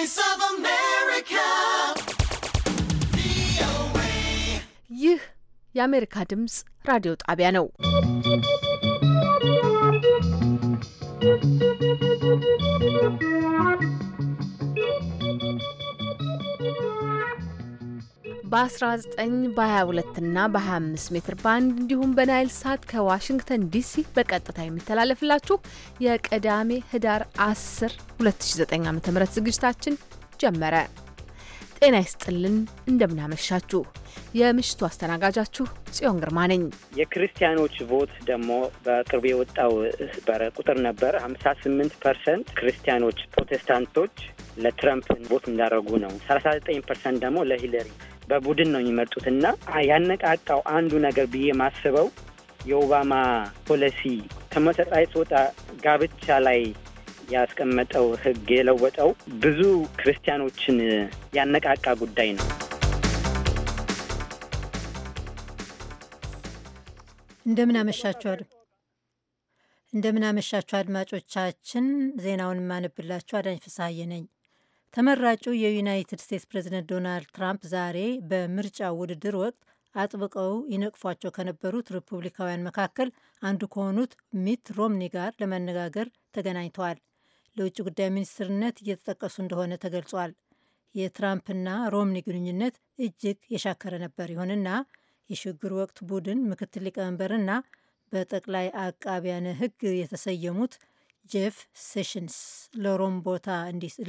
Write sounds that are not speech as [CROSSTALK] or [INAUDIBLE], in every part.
voice of America. VOA. Yeh, Yamir Kadims, Radio Tabiano. በ19 በ22 እና በ25 ሜትር ባንድ እንዲሁም በናይል ሳት ከዋሽንግተን ዲሲ በቀጥታ የሚተላለፍላችሁ የቅዳሜ ህዳር 10 2009 ዓ ም ዝግጅታችን ጀመረ። ጤና ይስጥልን፣ እንደምናመሻችሁ። የምሽቱ አስተናጋጃችሁ ጽዮን ግርማ ነኝ። የክርስቲያኖች ቮት ደግሞ በቅርቡ የወጣው ቁጥር ነበር። 58 ፐርሰንት ክርስቲያኖች ፕሮቴስታንቶች ለትረምፕ ቦት እንዳደረጉ ነው። 39 ፐርሰንት ደግሞ ለሂለሪ በቡድን ነው የሚመርጡት እና ያነቃቃው አንዱ ነገር ብዬ ማስበው የኦባማ ፖሊሲ ተመሰጣይ ጾታ ጋብቻ ላይ ያስቀመጠው ሕግ የለወጠው ብዙ ክርስቲያኖችን ያነቃቃ ጉዳይ ነው። እንደምን አመሻችኋል። አድማጮቻችን። ዜናውን የማነብላችሁ አዳኝ ፍስሀዬ ነኝ። ተመራጩ የዩናይትድ ስቴትስ ፕሬዚደንት ዶናልድ ትራምፕ ዛሬ በምርጫ ውድድር ወቅት አጥብቀው ይነቅፏቸው ከነበሩት ሪፑብሊካውያን መካከል አንዱ ከሆኑት ሚት ሮምኒ ጋር ለመነጋገር ተገናኝተዋል። ለውጭ ጉዳይ ሚኒስትርነት እየተጠቀሱ እንደሆነ ተገልጿል። የትራምፕና ሮምኒ ግንኙነት እጅግ የሻከረ ነበር። ይሁንና የሽግግር ወቅት ቡድን ምክትል ሊቀመንበርና በጠቅላይ አቃቢያነ ሕግ የተሰየሙት ጄፍ ሴሽንስ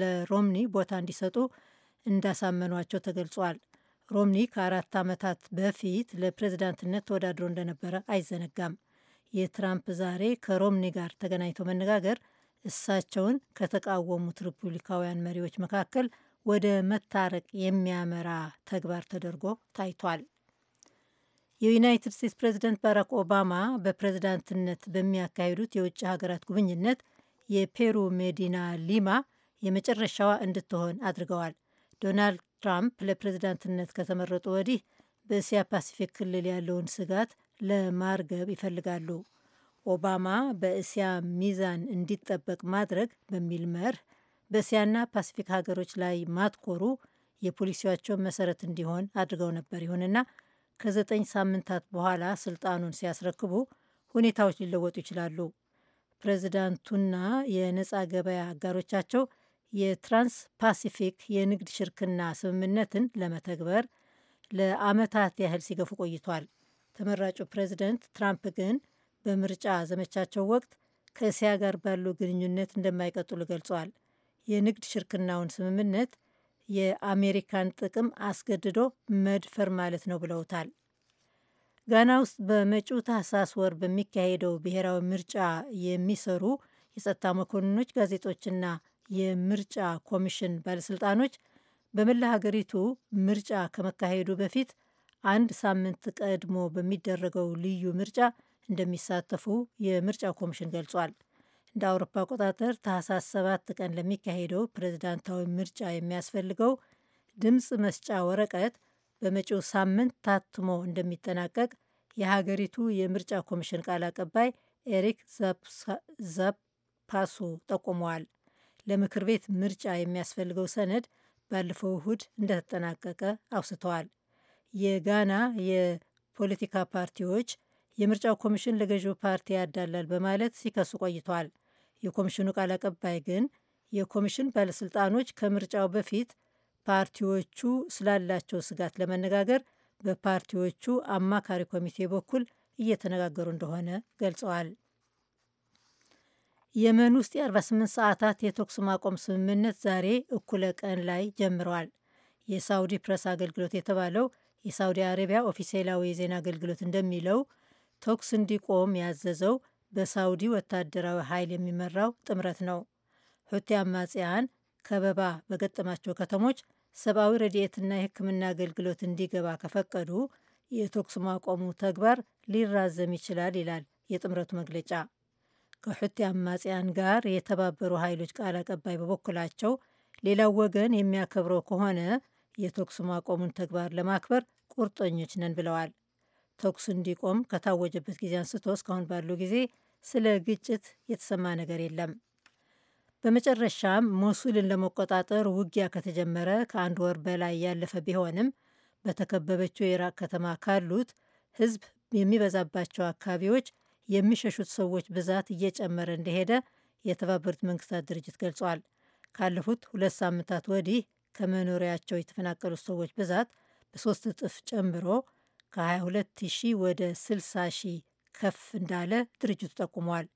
ለሮምኒ ቦታ እንዲሰጡ እንዳሳመኗቸው ተገልጿል። ሮምኒ ከአራት ዓመታት በፊት ለፕሬዝዳንትነት ተወዳድሮ እንደነበረ አይዘነጋም። የትራምፕ ዛሬ ከሮምኒ ጋር ተገናኝቶ መነጋገር እሳቸውን ከተቃወሙት ሪፑብሊካውያን መሪዎች መካከል ወደ መታረቅ የሚያመራ ተግባር ተደርጎ ታይቷል። የዩናይትድ ስቴትስ ፕሬዝደንት ባራክ ኦባማ በፕሬዝዳንትነት በሚያካሂዱት የውጭ ሀገራት ጉብኝነት የፔሩ ሜዲና ሊማ የመጨረሻዋ እንድትሆን አድርገዋል። ዶናልድ ትራምፕ ለፕሬዝዳንትነት ከተመረጡ ወዲህ በእስያ ፓሲፊክ ክልል ያለውን ስጋት ለማርገብ ይፈልጋሉ። ኦባማ በእስያ ሚዛን እንዲጠበቅ ማድረግ በሚል መርህ በእስያና ፓሲፊክ ሀገሮች ላይ ማትኮሩ የፖሊሲያቸው መሰረት እንዲሆን አድርገው ነበር። ይሁንና ከዘጠኝ ሳምንታት በኋላ ስልጣኑን ሲያስረክቡ ሁኔታዎች ሊለወጡ ይችላሉ። ፕሬዚዳንቱና የነፃ ገበያ አጋሮቻቸው የትራንስ ፓሲፊክ የንግድ ሽርክና ስምምነትን ለመተግበር ለአመታት ያህል ሲገፉ ቆይቷል። ተመራጩ ፕሬዚደንት ትራምፕ ግን በምርጫ ዘመቻቸው ወቅት ከእስያ ጋር ባለው ግንኙነት እንደማይቀጥሉ ገልጿል። የንግድ ሽርክናውን ስምምነት የአሜሪካን ጥቅም አስገድዶ መድፈር ማለት ነው ብለውታል። ጋና ውስጥ በመጪው ታህሳስ ወር በሚካሄደው ብሔራዊ ምርጫ የሚሰሩ የጸጥታ መኮንኖች፣ ጋዜጦችና የምርጫ ኮሚሽን ባለስልጣኖች በመላ ሀገሪቱ ምርጫ ከመካሄዱ በፊት አንድ ሳምንት ቀድሞ በሚደረገው ልዩ ምርጫ እንደሚሳተፉ የምርጫ ኮሚሽን ገልጿል። እንደ አውሮፓ አቆጣጠር ታህሳስ 7 ቀን ለሚካሄደው ፕሬዝዳንታዊ ምርጫ የሚያስፈልገው ድምፅ መስጫ ወረቀት በመጪው ሳምንት ታትሞ እንደሚጠናቀቅ የሀገሪቱ የምርጫ ኮሚሽን ቃል አቀባይ ኤሪክ ዘፓሱ ጠቁመዋል። ለምክር ቤት ምርጫ የሚያስፈልገው ሰነድ ባለፈው እሁድ እንደተጠናቀቀ አውስተዋል። የጋና የፖለቲካ ፓርቲዎች የምርጫው ኮሚሽን ለገዢው ፓርቲ ያዳላል በማለት ሲከሱ ቆይተዋል። የኮሚሽኑ ቃል አቀባይ ግን የኮሚሽን ባለስልጣኖች ከምርጫው በፊት ፓርቲዎቹ ስላላቸው ስጋት ለመነጋገር በፓርቲዎቹ አማካሪ ኮሚቴ በኩል እየተነጋገሩ እንደሆነ ገልጸዋል። የመን ውስጥ የ48 ሰዓታት የተኩስ ማቆም ስምምነት ዛሬ እኩለ ቀን ላይ ጀምረዋል። የሳውዲ ፕረስ አገልግሎት የተባለው የሳውዲ አረቢያ ኦፊሴላዊ የዜና አገልግሎት እንደሚለው ተኩስ እንዲቆም ያዘዘው በሳውዲ ወታደራዊ ኃይል የሚመራው ጥምረት ነው። ሁቲ አማጽያን ከበባ በገጠማቸው ከተሞች ሰብአዊ ረድኤትና የሕክምና አገልግሎት እንዲገባ ከፈቀዱ የተኩስ ማቆሙ ተግባር ሊራዘም ይችላል ይላል የጥምረቱ መግለጫ። ከሑቲ አማጽያን ጋር የተባበሩ ኃይሎች ቃል አቀባይ በበኩላቸው ሌላው ወገን የሚያከብረው ከሆነ የተኩስ ማቆሙን ተግባር ለማክበር ቁርጠኞች ነን ብለዋል። ተኩስ እንዲቆም ከታወጀበት ጊዜ አንስቶ እስካሁን ባለው ጊዜ ስለ ግጭት የተሰማ ነገር የለም። በመጨረሻም ሞሱልን ለመቆጣጠር ውጊያ ከተጀመረ ከአንድ ወር በላይ ያለፈ ቢሆንም በተከበበችው የኢራቅ ከተማ ካሉት ህዝብ የሚበዛባቸው አካባቢዎች የሚሸሹት ሰዎች ብዛት እየጨመረ እንደሄደ የተባበሩት መንግስታት ድርጅት ገልጿል። ካለፉት ሁለት ሳምንታት ወዲህ ከመኖሪያቸው የተፈናቀሉት ሰዎች ብዛት በሶስት እጥፍ ጨምሮ ከ22 ሺህ ወደ 60 ሺህ ከፍ እንዳለ ድርጅቱ ጠቁሟል።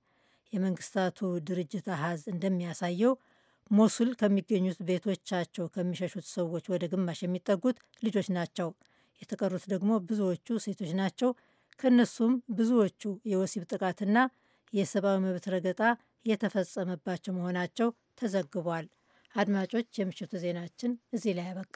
የመንግስታቱ ድርጅት አሃዝ እንደሚያሳየው ሞሱል ከሚገኙት ቤቶቻቸው ከሚሸሹት ሰዎች ወደ ግማሽ የሚጠጉት ልጆች ናቸው። የተቀሩት ደግሞ ብዙዎቹ ሴቶች ናቸው። ከእነሱም ብዙዎቹ የወሲብ ጥቃትና የሰብአዊ መብት ረገጣ የተፈጸመባቸው መሆናቸው ተዘግቧል። አድማጮች፣ የምሽቱ ዜናችን እዚህ ላይ ያበቃ።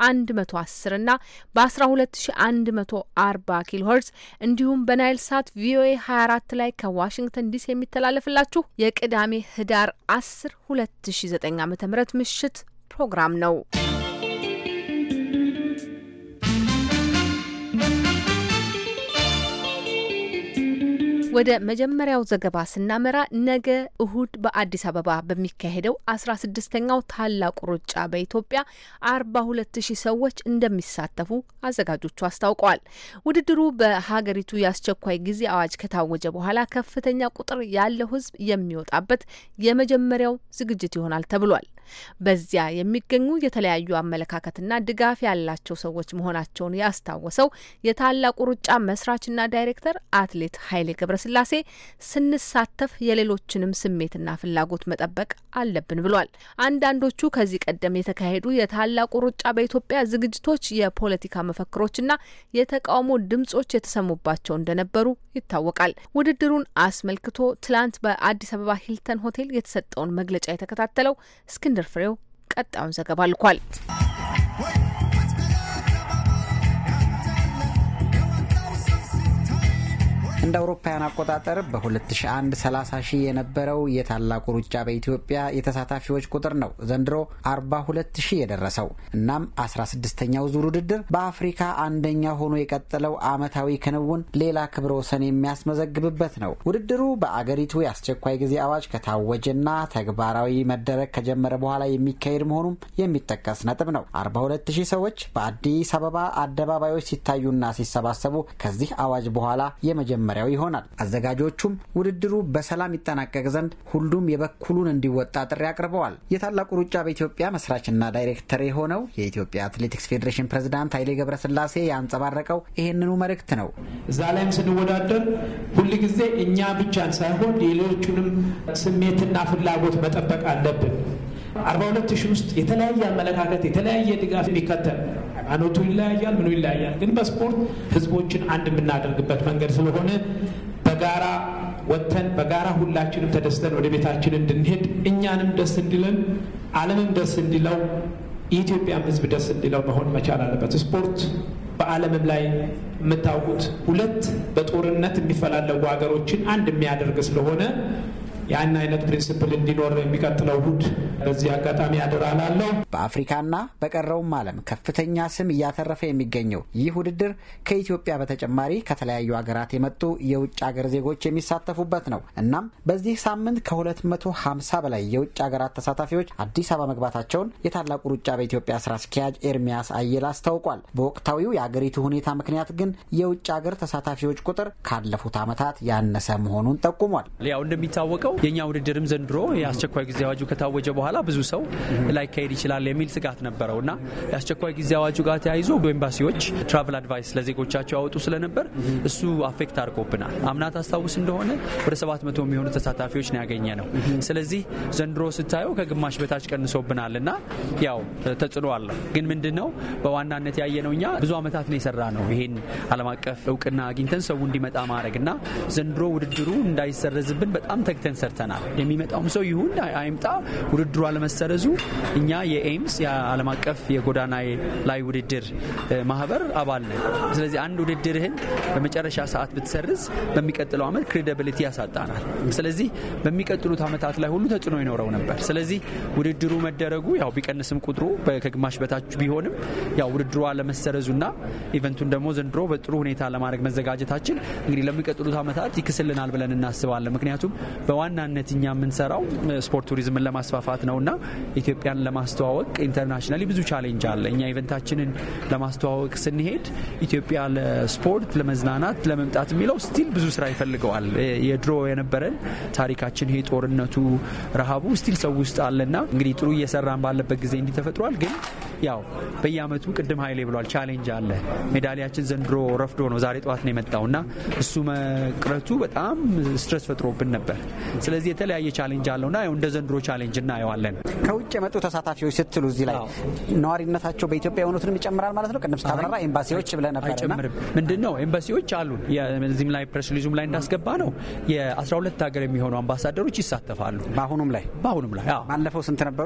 110 እና በ12140 ኪሎ ሄርዝ እንዲሁም በናይል ሳት ቪኦኤ 24 ላይ ከዋሽንግተን ዲሲ የሚተላለፍላችሁ የቅዳሜ ህዳር 10 2009 ዓ.ም ምሽት ፕሮግራም ነው። ወደ መጀመሪያው ዘገባ ስናመራ ነገ እሁድ በአዲስ አበባ በሚካሄደው አስራ ስድስተኛው ታላቁ ሩጫ በኢትዮጵያ አርባ ሁለት ሺህ ሰዎች እንደሚሳተፉ አዘጋጆቹ አስታውቀዋል። ውድድሩ በሀገሪቱ የአስቸኳይ ጊዜ አዋጅ ከታወጀ በኋላ ከፍተኛ ቁጥር ያለው ሕዝብ የሚወጣበት የመጀመሪያው ዝግጅት ይሆናል ተብሏል። በዚያ የሚገኙ የተለያዩ አመለካከትና ድጋፍ ያላቸው ሰዎች መሆናቸውን ያስታወሰው የታላቁ ሩጫ መስራችና ዳይሬክተር አትሌት ኃይሌ ገብረስላሴ ስንሳተፍ የሌሎችንም ስሜትና ፍላጎት መጠበቅ አለብን ብሏል። አንዳንዶቹ ከዚህ ቀደም የተካሄዱ የታላቁ ሩጫ በኢትዮጵያ ዝግጅቶች የፖለቲካ መፈክሮችና የተቃውሞ ድምጾች የተሰሙባቸው እንደነበሩ ይታወቃል። ውድድሩን አስመልክቶ ትላንት በአዲስ አበባ ሂልተን ሆቴል የተሰጠውን መግለጫ የተከታተለው እስክን እስክንድር ፍሬው ቀጣዩን ዘገባ ልኳል። እንደ አውሮፓውያን አቆጣጠር በ2001 30 ሺህ የነበረው የታላቁ ሩጫ በኢትዮጵያ የተሳታፊዎች ቁጥር ነው ዘንድሮ 42 ሺህ የደረሰው። እናም 16ኛው ዙር ውድድር በአፍሪካ አንደኛ ሆኖ የቀጠለው ዓመታዊ ክንውን ሌላ ክብረ ወሰን የሚያስመዘግብበት ነው። ውድድሩ በአገሪቱ የአስቸኳይ ጊዜ አዋጅ ከታወጀና ተግባራዊ መደረግ ከጀመረ በኋላ የሚካሄድ መሆኑም የሚጠቀስ ነጥብ ነው። 42 ሺህ ሰዎች በአዲስ አበባ አደባባዮች ሲታዩና ሲሰባሰቡ ከዚህ አዋጅ በኋላ የመጀመሪያው ጉዳዩ ይሆናል። አዘጋጆቹም ውድድሩ በሰላም ይጠናቀቅ ዘንድ ሁሉም የበኩሉን እንዲወጣ ጥሪ አቅርበዋል። የታላቁ ሩጫ በኢትዮጵያ መስራችና ዳይሬክተር የሆነው የኢትዮጵያ አትሌቲክስ ፌዴሬሽን ፕሬዝዳንት ኃይሌ ገብረስላሴ ያንጸባረቀው ይህንኑ መልእክት ነው። እዛ ላይም ስንወዳደር ጊዜ እኛ ብቻን ሳይሆን የሌሎቹንም ስሜትና ፍላጎት መጠበቅ አለብን። አርባ ሁለት ሺህ ውስጥ የተለያየ አመለካከት የተለያየ ድጋፍ የሚከተል ሃይማኖቱ ይለያያል፣ ምኑ ይለያያል። ግን በስፖርት ህዝቦችን አንድ የምናደርግበት መንገድ ስለሆነ በጋራ ወጥተን በጋራ ሁላችንም ተደስተን ወደ ቤታችን እንድንሄድ እኛንም ደስ እንዲለን ዓለምም ደስ እንዲለው የኢትዮጵያም ህዝብ ደስ እንዲለው መሆን መቻል አለበት። ስፖርት በዓለምም ላይ የምታውቁት ሁለት በጦርነት የሚፈላለጉ ሀገሮችን አንድ የሚያደርግ ስለሆነ ያን አይነት ፕሪንስፕል እንዲኖር የሚቀጥለው እሁድ በዚህ አጋጣሚ አደራ በአፍሪካና በቀረውም ዓለም ከፍተኛ ስም እያተረፈ የሚገኘው ይህ ውድድር ከኢትዮጵያ በተጨማሪ ከተለያዩ ሀገራት የመጡ የውጭ ሀገር ዜጎች የሚሳተፉበት ነው። እናም በዚህ ሳምንት ከ250 በላይ የውጭ ሀገራት ተሳታፊዎች አዲስ አበባ መግባታቸውን የታላቁ ሩጫ በኢትዮጵያ ስራ አስኪያጅ ኤርሚያስ አየል አስታውቋል። በወቅታዊው የአገሪቱ ሁኔታ ምክንያት ግን የውጭ ሀገር ተሳታፊዎች ቁጥር ካለፉት ዓመታት ያነሰ መሆኑን ጠቁሟል። ያው እንደሚታወቀው የእኛ ውድድርም ዘንድሮ የአስቸኳይ ጊዜ አዋጁ ከታወጀ በኋላ ብዙ ሰው ላይካሄድ ይችላል የሚል ስጋት ነበረው እና የአስቸኳይ ጊዜ አዋጁ ጋር ተያይዞ ኤምባሲዎች ትራቭል አድቫይስ ለዜጎቻቸው ያወጡ ስለነበር እሱ አፌክት አድርጎብናል። አምናት አስታውስ እንደሆነ ወደ 700 የሚሆኑ ተሳታፊዎች ነው ያገኘ ነው። ስለዚህ ዘንድሮ ስታየው ከግማሽ በታች ቀንሶብናል እና ያው ተጽዕኖ አለው። ግን ምንድን ነው በዋናነት ያየነው እኛ ብዙ ዓመታት ነው የሰራ ነው ይሄን ዓለም አቀፍ እውቅና አግኝተን ሰው እንዲመጣ ማድረግ እና ዘንድሮ ውድድሩ እንዳይሰረዝብን በጣም ተግተን ሰርተናል። የሚመጣውም ሰው ይሁን አይምጣ ውድድሩ አለመሰረዙ እኛ የኤምስ የዓለም አቀፍ የጎዳና ላይ ውድድር ማህበር አባል ነን። ስለዚህ አንድ ውድድርህን በመጨረሻ ሰዓት ብትሰርዝ በሚቀጥለው ዓመት ክሬዲብሊቲ ያሳጣናል። ስለዚህ በሚቀጥሉት ዓመታት ላይ ሁሉ ተጽዕኖ ይኖረው ነበር። ስለዚህ ውድድሩ መደረጉ ያው ቢቀንስም ቁጥሩ ከግማሽ በታች ቢሆንም ያው ውድድሩ አለመሰረዙና ኢቨንቱን ደግሞ ዘንድሮ በጥሩ ሁኔታ ለማድረግ መዘጋጀታችን እንግዲህ ለሚቀጥሉት ዓመታት ይክስልናል ብለን እናስባለን። ምክንያቱም በዋ በዋናነት እኛ የምንሰራው ስፖርት ቱሪዝምን ለማስፋፋት እና ኢትዮጵያን ለማስተዋወቅ ኢንተርናሽናሊ ብዙ ቻሌንጅ አለ። እኛ ኢቨንታችንን ለማስተዋወቅ ስንሄድ ኢትዮጵያ ለስፖርት ለመዝናናት ለመምጣት የሚለው ስቲል ብዙ ስራ ይፈልገዋል። የድሮ የነበረን ታሪካችን ይሄ ጦርነቱ፣ ረሃቡ ስቲል ሰው ውስጥ አለና እንግዲህ ጥሩ እየሰራን ባለበት ጊዜ እንዲህ ተፈጥሯል ግን ያው በየአመቱ ቅድም ሀይሌ ብሏል ቻሌንጅ አለ። ሜዳሊያችን ዘንድሮ ረፍዶ ነው፣ ዛሬ ጠዋት ነው የመጣው እና እሱ መቅረቱ በጣም ስትረስ ፈጥሮብን ነበር። ስለዚህ የተለያየ ቻሌንጅ አለው ያው እንደ ዘንድሮ ቻሌንጅ እናየዋለን። ከውጭ የመጡ ተሳታፊዎች ስትሉ እዚህ ላይ ነዋሪነታቸው በኢትዮጵያ የሆኑትንም ይጨምራል ማለት ነው። ቅድም ስታብራራ ኤምባሲዎች ብለህ ነበር። አይጨምርም ምንድን ነው ኤምባሲዎች አሉ እዚህም ላይ ፕሬስ ላይ እንዳስገባ ነው የ12 ሀገር የሚሆኑ አምባሳደሮች ይሳተፋሉ። በአሁኑም ላይ በአሁኑም ላይ ባለፈው ስንት ነበሩ?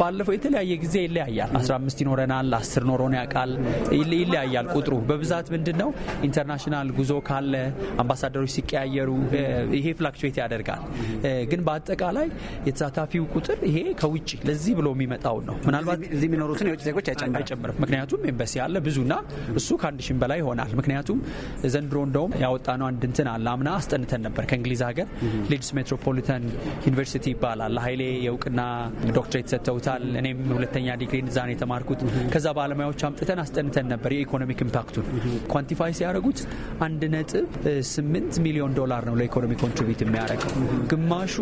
ባለፈው የተለያየ ጊዜ ይለያያል። 15 ይኖረናል፣ 10 ኖሮን ያውቃል። ይለያያል ቁጥሩ። በብዛት ምንድን ነው ኢንተርናሽናል ጉዞ ካለ አምባሳደሮች ሲቀያየሩ ይሄ ፍላክቹዌት ያደርጋል። ግን በአጠቃላይ የተሳታፊው ቁጥር ይሄ ከውጭ ለዚህ ብሎ የሚመጣውን ነው። ምናልባት እዚህ የሚኖሩትን የውጭ ዜጎች አይጨምርም። ምክንያቱም ኤምባሲ አለ ብዙና እሱ ከአንድ ሺህ በላይ ይሆናል። ምክንያቱም ዘንድሮ እንደውም ያወጣነው አንድ እንትን አለ። አምና አስጠንተን ነበር ከእንግሊዝ ሀገር ሊድስ ሜትሮፖሊታን ዩኒቨርሲቲ ይባላል። ለሀይሌ የእውቅና ዶክትሬት ሰጥተውታል። እኔም ሁለተኛ ዲግሪ ነው የተማርኩት። ከዛ ባለሙያዎች አምጥተን አስጠንተን ነበር የኢኮኖሚክ ኢምፓክቱን ኳንቲፋይ ሲያደርጉት አንድ ነጥብ ስምንት ሚሊዮን ዶላር ነው ለኢኮኖሚ ኮንትሪቢዩት የሚያደርገው። ግማሹ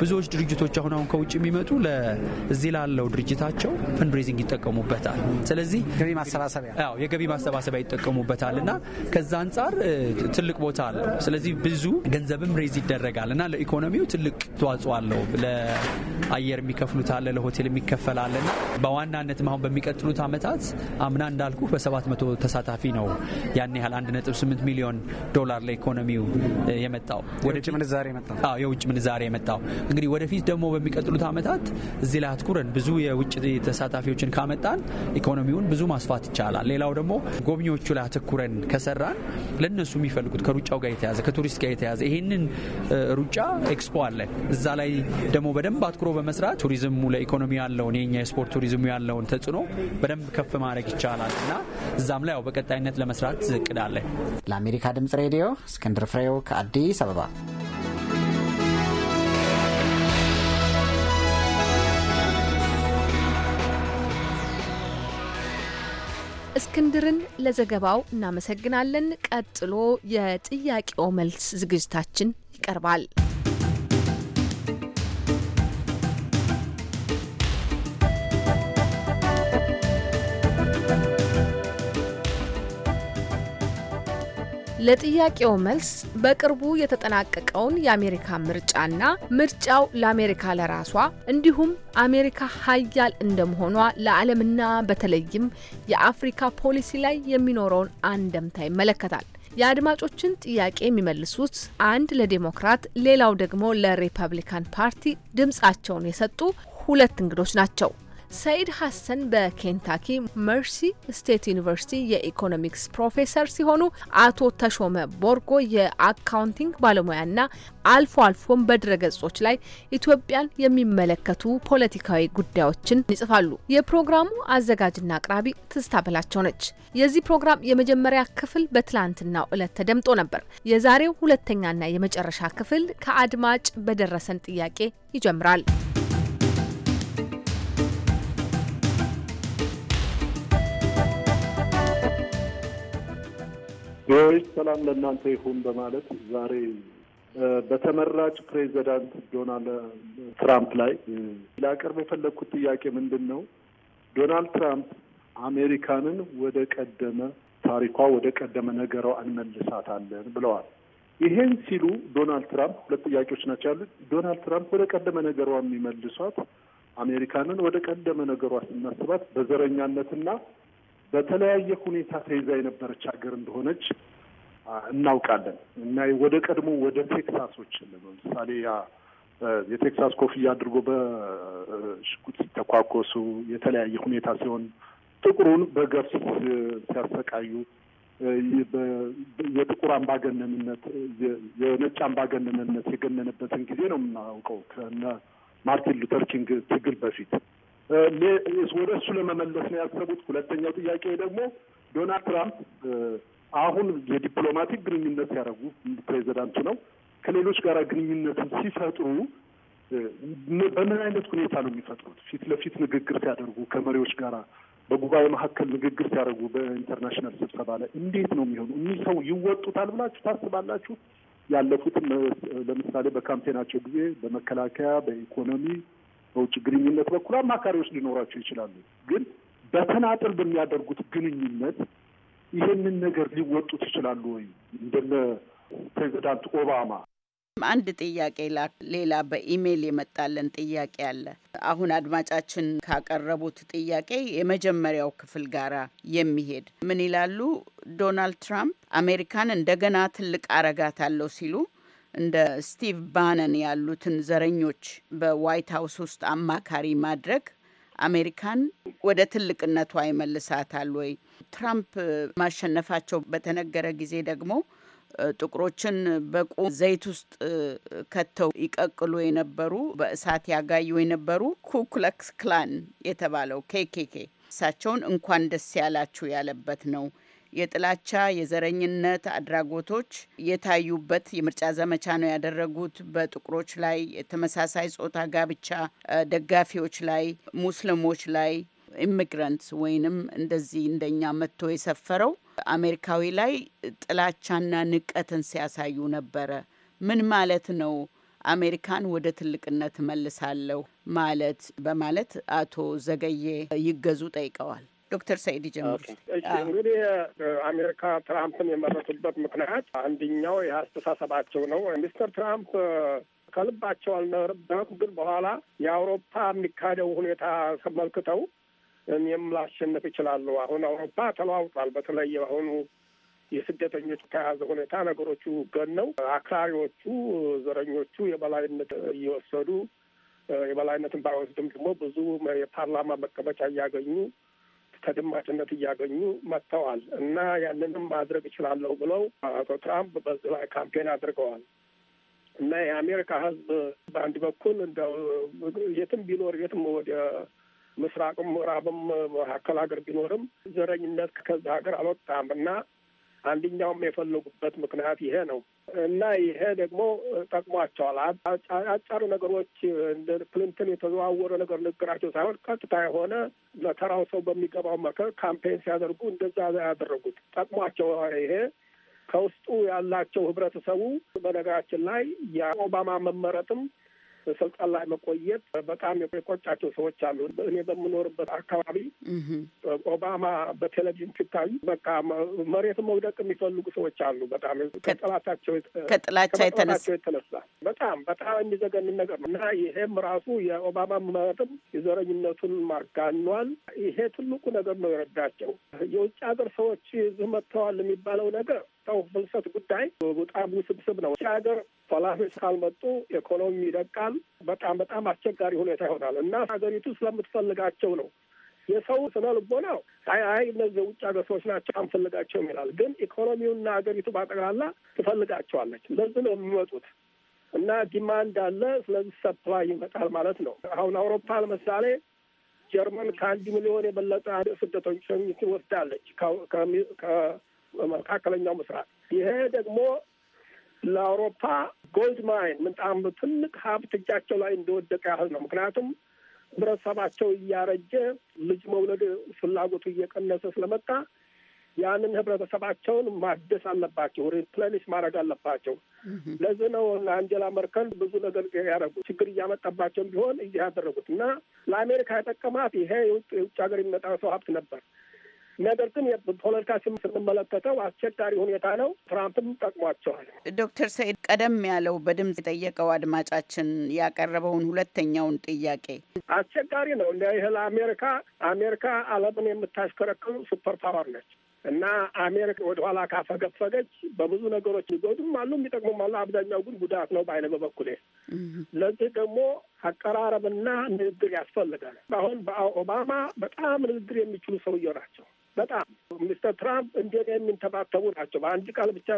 ብዙዎች ድርጅቶች አሁን አሁን ከውጭ የሚመጡ እዚህ ላለው ድርጅታቸው ፈንድሬዚንግ ይጠቀሙበታል። ስለዚህ የገቢ ማሰባሰቢያ ይጠቀሙበታል እና ከዛ አንጻር ትልቅ ቦታ አለው። ስለዚህ ብዙ ገንዘብም ሬዝ ይደረጋል እና ለኢኮኖሚው ትልቅ ተዋጽኦ አለው። ለአየር የሚከፍሉት አለ፣ ለሆቴል የሚከፈል አለ እና በዋናነት በዋናነትም አሁን በሚቀጥሉት ዓመታት አምና እንዳልኩ በ700 ተሳታፊ ነው ያን ያህል 1.8 ሚሊዮን ዶላር ለኢኮኖሚው የመጣው የውጭ ምንዛሬ የመጣው የውጭ ምንዛሬ የመጣው እንግዲህ ወደፊት ደግሞ በሚቀጥሉት ዓመታት እዚህ ላይ አትኩረን ብዙ የውጭ ተሳታፊዎችን ካመጣን ኢኮኖሚውን ብዙ ማስፋት ይቻላል። ሌላው ደግሞ ጎብኚዎቹ ላይ አትኩረን ከሰራን ለእነሱ የሚፈልጉት ከሩጫው ጋር የተያዘ ከቱሪስት ጋር የተያዘ ይህንን ሩጫ ኤክስፖ አለ እዛ ላይ ደግሞ በደንብ አትኩሮ በመስራት ቱሪዝሙ ለኢኮኖሚ ያለውን የኛ የስፖርት ቱሪዝሙ ያለውን ያለውን ተጽዕኖ በደንብ ከፍ ማድረግ ይቻላል እና እዛም ላይ ያው በቀጣይነት ለመስራት ዝቅዳለ። ለአሜሪካ ድምጽ ሬዲዮ እስክንድር ፍሬው ከአዲስ አበባ። እስክንድርን ለዘገባው እናመሰግናለን። ቀጥሎ የጥያቄው መልስ ዝግጅታችን ይቀርባል። ለጥያቄው መልስ በቅርቡ የተጠናቀቀውን የአሜሪካ ምርጫና ምርጫው ለአሜሪካ ለራሷ እንዲሁም አሜሪካ ሀያል እንደመሆኗ ለዓለምና በተለይም የአፍሪካ ፖሊሲ ላይ የሚኖረውን አንደምታ ይመለከታል። የአድማጮችን ጥያቄ የሚመልሱት አንድ ለዴሞክራት ሌላው ደግሞ ለሪፐብሊካን ፓርቲ ድምጻቸውን የሰጡ ሁለት እንግዶች ናቸው። ሰይድ ሀሰን በኬንታኪ መርሲ ስቴት ዩኒቨርሲቲ የኢኮኖሚክስ ፕሮፌሰር ሲሆኑ አቶ ተሾመ ቦርጎ የአካውንቲንግ ባለሙያና አልፎ አልፎም በድረገጾች ላይ ኢትዮጵያን የሚመለከቱ ፖለቲካዊ ጉዳዮችን ይጽፋሉ። የፕሮግራሙ አዘጋጅና አቅራቢ ትዝታ በላቸው ነች። የዚህ ፕሮግራም የመጀመሪያ ክፍል በትላንትናው ዕለት ተደምጦ ነበር። የዛሬው ሁለተኛና የመጨረሻ ክፍል ከአድማጭ በደረሰን ጥያቄ ይጀምራል። ቪኦኤዎች ሰላም ለእናንተ ይሁን በማለት ዛሬ በተመራጭ ፕሬዚዳንት ዶናልድ ትራምፕ ላይ ላቀርብ የፈለግኩት ጥያቄ ምንድን ነው? ዶናልድ ትራምፕ አሜሪካንን ወደ ቀደመ ታሪኳ ወደ ቀደመ ነገሯ እንመልሳታለን ብለዋል። ይሄን ሲሉ ዶናልድ ትራምፕ ሁለት ጥያቄዎች ናቸው ያሉት። ዶናልድ ትራምፕ ወደ ቀደመ ነገሯ የሚመልሷት አሜሪካንን ወደ ቀደመ ነገሯ ስናስባት በዘረኛነትና በተለያየ ሁኔታ ተይዛ የነበረች ሀገር እንደሆነች እናውቃለን እና ወደ ቀድሞ ወደ ቴክሳሶች ለምሳሌ ያ የቴክሳስ ኮፍያ አድርጎ በሽጉጥ ሲተኳኮሱ የተለያየ ሁኔታ ሲሆን ጥቁሩን በገብስ ሲያሰቃዩ የጥቁር አምባገነንነት የነጭ አምባገነንነት የገነነበትን ጊዜ ነው የምናውቀው ከነ ማርቲን ሉተር ኪንግ ትግል በፊት ወደ እሱ ለመመለስ ነው ያሰቡት። ሁለተኛው ጥያቄ ደግሞ ዶናልድ ትራምፕ አሁን የዲፕሎማቲክ ግንኙነት ሲያደርጉ ፕሬዚዳንቱ ነው። ከሌሎች ጋር ግንኙነትን ሲፈጥሩ በምን አይነት ሁኔታ ነው የሚፈጥሩት? ፊት ለፊት ንግግር ሲያደርጉ ከመሪዎች ጋር በጉባኤ መካከል ንግግር ሲያደርጉ በኢንተርናሽናል ስብሰባ ላይ እንዴት ነው የሚሆኑ? እኒህ ሰው ይወጡታል ብላችሁ ታስባላችሁ? ያለፉትም ለምሳሌ በካምፔናቸው ጊዜ በመከላከያ፣ በኢኮኖሚ፣ በውጭ ግንኙነት በኩል አማካሪዎች ሊኖራቸው ይችላሉ። ግን በተናጠል በሚያደርጉት ግንኙነት ይህንን ነገር ሊወጡት ይችላሉ ወይ እንደነ ፕሬዚዳንት ኦባማ? አንድ ጥያቄ ላክ። ሌላ በኢሜይል የመጣልን ጥያቄ አለ። አሁን አድማጫችን ካቀረቡት ጥያቄ የመጀመሪያው ክፍል ጋር የሚሄድ ምን ይላሉ? ዶናልድ ትራምፕ አሜሪካን እንደገና ትልቅ አረጋታለሁ ሲሉ እንደ ስቲቭ ባነን ያሉትን ዘረኞች በዋይት ሀውስ ውስጥ አማካሪ ማድረግ አሜሪካን ወደ ትልቅነቷ ይመልሳታል ወይ? ትራምፕ ማሸነፋቸው በተነገረ ጊዜ ደግሞ ጥቁሮችን በቁም ዘይት ውስጥ ከተው ይቀቅሉ የነበሩ በእሳት ያጋዩ የነበሩ ኩክለክስ ክላን የተባለው ኬኬኬ እሳቸውን እንኳን ደስ ያላችሁ ያለበት ነው። የጥላቻ የዘረኝነት አድራጎቶች የታዩበት የምርጫ ዘመቻ ነው ያደረጉት። በጥቁሮች ላይ፣ የተመሳሳይ ጾታ ጋብቻ ደጋፊዎች ላይ፣ ሙስሊሞች ላይ ኢሚግራንት ወይንም እንደዚህ እንደኛ መጥቶ የሰፈረው አሜሪካዊ ላይ ጥላቻና ንቀትን ሲያሳዩ ነበረ። ምን ማለት ነው አሜሪካን ወደ ትልቅነት መልሳለሁ ማለት በማለት አቶ ዘገዬ ይገዙ ጠይቀዋል። ዶክተር ሰኢድ ይጀምሩ። እንግዲህ አሜሪካ ትራምፕን የመረጡበት ምክንያት አንደኛው የአስተሳሰባቸው ነው። ሚስተር ትራምፕ ከልባቸው አልነበረም፣ ግን በኋላ የአውሮፓ የሚካሄደው ሁኔታ ተመልክተው እኔም ላሸንፍ ይችላሉ። አሁን አውሮፓ ተለዋውጧል። በተለይ አሁኑ የስደተኞች ከያዘ ሁኔታ ነገሮቹ ገነው አክራሪዎቹ፣ ዘረኞቹ የበላይነት እየወሰዱ የበላይነትን ባይወስድም ደግሞ ብዙ የፓርላማ መቀመጫ እያገኙ ተደማጭነት እያገኙ መጥተዋል እና ያንንም ማድረግ እችላለሁ ብለው አቶ ትራምፕ በዚህ ላይ ካምፔን አድርገዋል እና የአሜሪካ ሕዝብ በአንድ በኩል እንደው የትም ቢኖር የትም ወደ ምስራቅም ምዕራብም መካከል ሀገር ቢኖርም ዘረኝነት ከዚ ሀገር አልወጣም እና አንድኛውም የፈለጉበት ምክንያት ይሄ ነው እና ይሄ ደግሞ ጠቅሟቸዋል። አጫሩ ነገሮች እንደ ክሊንተን የተዘዋወረ ነገር ንግግራቸው ሳይሆን ቀጥታ የሆነ ለተራው ሰው በሚገባው መከር ካምፔን ሲያደርጉ እንደዛ ያደረጉት ጠቅሟቸው ይሄ ከውስጡ ያላቸው ህብረተሰቡ በነገራችን ላይ የኦባማ መመረጥም ስልጣን ላይ መቆየት በጣም የቆጫቸው ሰዎች አሉ። እኔ በምኖርበት አካባቢ ኦባማ በቴሌቪዥን ሲታዩ በቃ መሬት መውደቅ የሚፈልጉ ሰዎች አሉ። በጣም ከጥላቻቸው ከጥላቻ የተነሳ በጣም በጣም የሚዘገንን ነገር ነው እና ይሄም ራሱ የኦባማ መረጥም የዘረኝነቱን ማጋኗል። ይሄ ትልቁ ነገር ነው የረዳቸው የውጭ ሀገር ሰዎች ዝህ መጥተዋል የሚባለው ነገር ሰው ፍልሰት ጉዳይ በጣም ውስብስብ ነው። ሀገር ፈላሾች ካልመጡ ኢኮኖሚ ይደቃል። በጣም በጣም አስቸጋሪ ሁኔታ ይሆናል እና ሀገሪቱ ስለምትፈልጋቸው ነው የሰው ስነ ልቦና አይ አይ እነዚህ ውጭ ሀገር ሰዎች ናቸው አንፈልጋቸውም ይላል። ግን ኢኮኖሚውና ሀገሪቱ በጠቅላላ ትፈልጋቸዋለች። ለዚህ ነው የሚመጡት እና ዲማንድ አለ። ስለዚህ ሰፕላይ ይመጣል ማለት ነው። አሁን አውሮፓ ለምሳሌ ጀርመን ከአንድ ሚሊዮን የበለጠ ስደተኞች ወስዳለች። መካከለኛው ምስራቅ። ይሄ ደግሞ ለአውሮፓ ጎልድ ማይን በጣም ትልቅ ሀብት እጃቸው ላይ እንደወደቀ ያህል ነው። ምክንያቱም ህብረተሰባቸው እያረጀ ልጅ መውለድ ፍላጎቱ እየቀነሰ ስለመጣ ያንን ህብረተሰባቸውን ማደስ አለባቸው፣ ሪፕለኒሽ ማድረግ አለባቸው። ለዚህ ነው አንጀላ መርከል ብዙ ነገር ያደረጉ ችግር እያመጣባቸውም ቢሆን እዚህ ያደረጉት እና ለአሜሪካ የጠቀማት ይሄ የውጭ ሀገር የሚመጣ ሰው ሀብት ነበር። ነገር ግን የፖለቲካ ስም ስንመለከተው አስቸጋሪ ሁኔታ ነው። ትራምፕም ጠቅሟቸዋል። ዶክተር ሰይድ ቀደም ያለው በድምጽ የጠየቀው አድማጫችን ያቀረበውን ሁለተኛውን ጥያቄ አስቸጋሪ ነው። ይህል አሜሪካ አሜሪካ ዓለምን የምታሽከረክሩ ሱፐር ፓወር ነች እና አሜሪካ ወደኋላ ካፈገፈገች በብዙ ነገሮች ሊጎዱም አሉ የሚጠቅሙም አሉ። አብዛኛው ግን ጉዳት ነው ባይነ በበኩሌ ለዚህ ደግሞ አቀራረብና ንግግር ያስፈልጋል። አሁን በኦባማ በጣም ንግግር የሚችሉ ሰውየው ናቸው። በጣም ሚስተር ትራምፕ እንዴት የሚንተባተቡ ናቸው። በአንድ ቃል ብቻ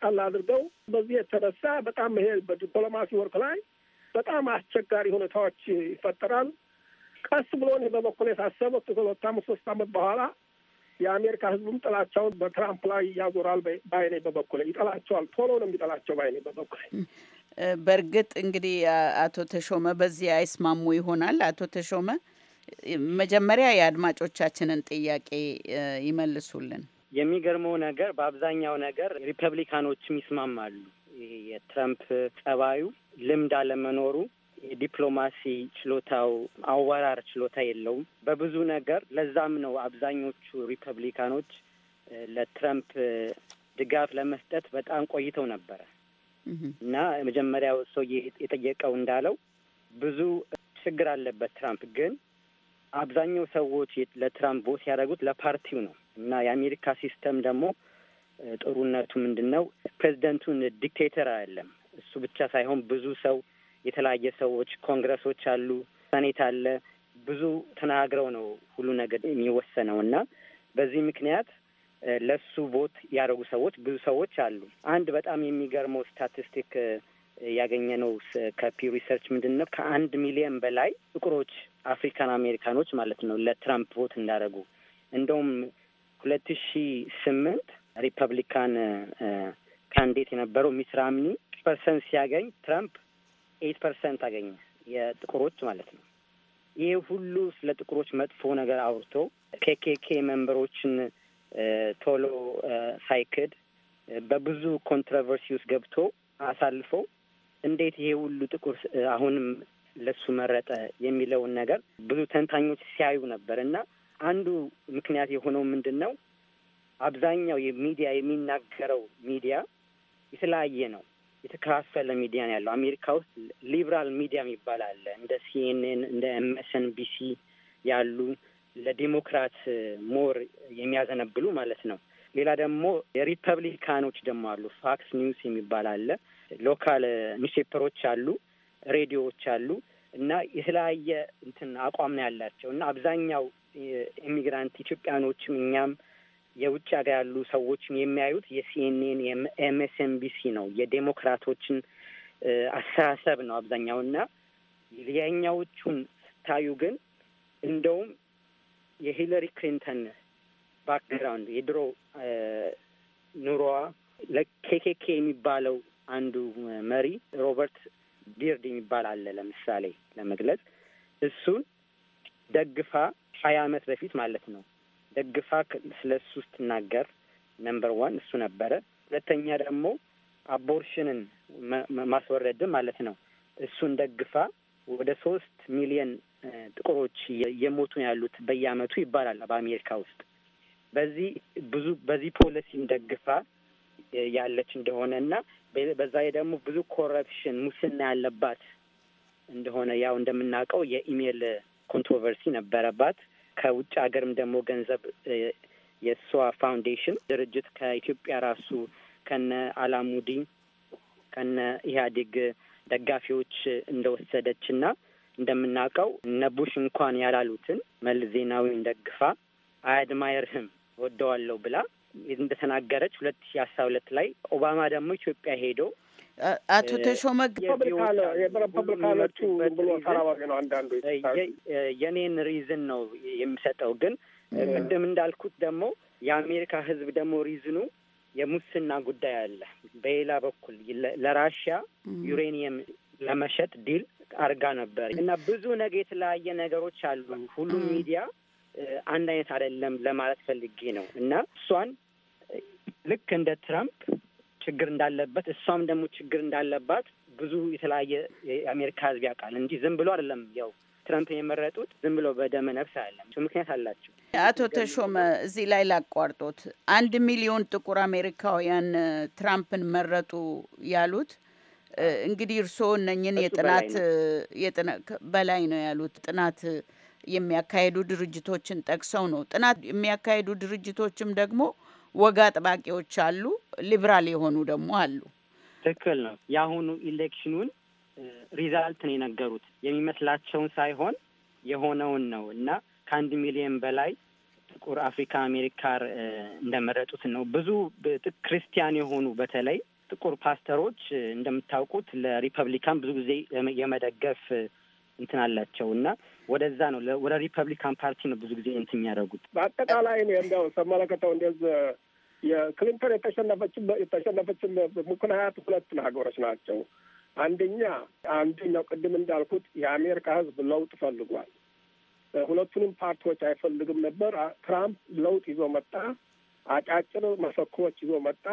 ቃል አድርገው በዚህ የተነሳ በጣም ይሄ በዲፕሎማሲ ወርክ ላይ በጣም አስቸጋሪ ሁኔታዎች ይፈጠራል። ቀስ ብሎ እኔ በበኩል የታሰበው ከሁለት አመት ሶስት አመት በኋላ የአሜሪካ ህዝቡም ጥላቻውን በትራምፕ ላይ ያዞራል ባይኔ በበኩል ይጠላቸዋል። ቶሎ ነው የሚጠላቸው ባይኔ በበኩል በእርግጥ እንግዲህ አቶ ተሾመ በዚህ አይስማሙ ይሆናል። አቶ ተሾመ መጀመሪያ የአድማጮቻችንን ጥያቄ ይመልሱልን። የሚገርመው ነገር በአብዛኛው ነገር ሪፐብሊካኖችም ይስማማሉ። ይሄ የትረምፕ ጸባዩ ልምድ አለመኖሩ የዲፕሎማሲ ችሎታው አወራር ችሎታ የለውም በብዙ ነገር። ለዛም ነው አብዛኞቹ ሪፐብሊካኖች ለትረምፕ ድጋፍ ለመስጠት በጣም ቆይተው ነበረ እና መጀመሪያው ሰው የጠየቀው እንዳለው ብዙ ችግር አለበት ትራምፕ ግን አብዛኛው ሰዎች ለትራምፕ ቦት ያደረጉት ለፓርቲው ነው እና የአሜሪካ ሲስተም ደግሞ ጥሩነቱ ምንድን ነው? ፕሬዚደንቱን ዲክቴተር አያለም። እሱ ብቻ ሳይሆን ብዙ ሰው የተለያየ ሰዎች ኮንግረሶች አሉ፣ ሰኔት አለ። ብዙ ተናግረው ነው ሁሉ ነገር የሚወሰነው እና በዚህ ምክንያት ለሱ ቦት ያደረጉ ሰዎች ብዙ ሰዎች አሉ። አንድ በጣም የሚገርመው ስታቲስቲክ ያገኘ ነው ከፒው ሪሰርች ምንድን ነው ከአንድ ሚሊየን በላይ ጥቁሮች አፍሪካን አሜሪካኖች ማለት ነው ለትራምፕ ቮት እንዳደረጉ እንደውም ሁለት ሺ ስምንት ሪፐብሊካን ካንዴት የነበረው ሚት ራምኒ ፐርሰንት ሲያገኝ ትራምፕ ኤት ፐርሰንት አገኘ የጥቁሮች ማለት ነው። ይህ ሁሉ ስለ ጥቁሮች መጥፎ ነገር አውርቶ ኬኬኬ መንበሮችን ቶሎ ሳይክድ በብዙ ኮንትሮቨርሲ ውስጥ ገብቶ አሳልፈው እንዴት ይሄ ሁሉ ጥቁር አሁንም ለሱ መረጠ የሚለውን ነገር ብዙ ተንታኞች ሲያዩ ነበር እና አንዱ ምክንያት የሆነው ምንድን ነው? አብዛኛው የሚዲያ የሚናገረው ሚዲያ የተለያየ ነው። የተከፋፈለ ሚዲያ ነው ያለው። አሜሪካ ውስጥ ሊብራል ሚዲያ የሚባል አለ። እንደ ሲኤንኤን እንደ ኤምኤስኤንቢሲ ያሉ ለዲሞክራት ሞር የሚያዘነብሉ ማለት ነው። ሌላ ደግሞ የሪፐብሊካኖች ደግሞ አሉ። ፋክስ ኒውስ የሚባል አለ። ሎካል ኒውስፔፐሮች አሉ። ሬዲዮዎች አሉ እና የተለያየ እንትን አቋም ነው ያላቸው እና አብዛኛው ኢሚግራንት ኢትዮጵያኖችም እኛም የውጭ ሀገር ያሉ ሰዎችም የሚያዩት የሲኤንኤን የኤምኤስኤንቢሲ ነው የዴሞክራቶችን አስተሳሰብ ነው አብዛኛው እና የኛዎቹን ስታዩ ግን እንደውም የሂለሪ ክሊንተን ባክግራውንድ የድሮ ኑሮዋ ለኬኬኬ የሚባለው አንዱ መሪ ሮበርት ቢርድ የሚባል አለ ለምሳሌ ለመግለጽ እሱን ደግፋ ሀያ አመት በፊት ማለት ነው ደግፋ ስለ እሱ ስትናገር ነምበር ዋን እሱ ነበረ። ሁለተኛ ደግሞ አቦርሽንን ማስወረድም ማለት ነው እሱን ደግፋ ወደ ሶስት ሚሊዮን ጥቁሮች እየሞቱ ያሉት በየአመቱ ይባላል በአሜሪካ ውስጥ። በዚህ ብዙ በዚህ ፖሊሲም ደግፋ ያለች እንደሆነ እና በዛ ደግሞ ብዙ ኮረፕሽን ሙስና ያለባት እንደሆነ ያው እንደምናውቀው የኢሜል ኮንትሮቨርሲ ነበረባት። ከውጭ ሀገርም ደግሞ ገንዘብ የእሷ ፋውንዴሽን ድርጅት ከኢትዮጵያ ራሱ ከነ አላሙዲ ከነ ኢህአዴግ ደጋፊዎች እንደወሰደች እና እንደምናውቀው እነ ቡሽ እንኳን ያላሉትን መለስ ዜናዊን ደግፋ አያድማየርህም ወደዋለሁ ብላ እንደተናገረች ሁለት ሺ አስራ ሁለት ላይ ኦባማ ደግሞ ኢትዮጵያ ሄዶ አቶ ተሾመ ሪፐብሊካኖቹ ብሎ ተራባቢ ነው። አንዳንዱ የኔን ሪዝን ነው የሚሰጠው። ግን ቅድም እንዳልኩት ደግሞ የአሜሪካ ህዝብ ደግሞ ሪዝኑ የሙስና ጉዳይ አለ። በሌላ በኩል ለራሽያ ዩሬኒየም ለመሸጥ ዲል አርጋ ነበር እና ብዙ ነገ የተለያየ ነገሮች አሉ። ሁሉም ሚዲያ አንድ አይነት አይደለም ለማለት ፈልጌ ነው እና እሷን ልክ እንደ ትራምፕ ችግር እንዳለበት እሷም ደግሞ ችግር እንዳለባት ብዙ የተለያየ የአሜሪካ ሕዝብ ያውቃል እንጂ ዝም ብሎ አይደለም ያው ትረምፕን የመረጡት ዝም ብሎ በደመ ነፍስ አይደለም። ምክንያት አላቸው። አቶ ተሾመ እዚህ ላይ ላቋርጦት፣ አንድ ሚሊዮን ጥቁር አሜሪካውያን ትራምፕን መረጡ ያሉት እንግዲህ እርስዎ እነኝን የጥናት በላይ ነው ያሉት ጥናት የሚያካሄዱ ድርጅቶችን ጠቅሰው ነው። ጥናት የሚያካሄዱ ድርጅቶችም ደግሞ ወግ አጥባቂዎች አሉ፣ ሊብራል የሆኑ ደግሞ አሉ። ትክክል ነው። የአሁኑ ኢሌክሽኑን ሪዛልት ነው የነገሩት የሚመስላቸውን ሳይሆን የሆነውን ነው እና ከአንድ ሚሊዮን በላይ ጥቁር አፍሪካ አሜሪካር እንደመረጡት ነው። ብዙ ክርስቲያን የሆኑ በተለይ ጥቁር ፓስተሮች እንደምታውቁት ለሪፐብሊካን ብዙ ጊዜ የመደገፍ እንትን አላቸው እና ወደዛ ነው ወደ ሪፐብሊካን ፓርቲ ነው ብዙ ጊዜ እንትን የሚያደርጉት። በአጠቃላይ ነው እንደው ስመለከተው እንደዚ የክሊንተን የተሸነፈችም የተሸነፈችም ምክንያት ሁለት ሀገሮች ናቸው። አንደኛ አንደኛው ቅድም እንዳልኩት የአሜሪካ ሕዝብ ለውጥ ፈልጓል። ሁለቱንም ፓርቲዎች አይፈልግም ነበር። ትራምፕ ለውጥ ይዞ መጣ። አጫጭር መፈክሮች ይዞ መጣ።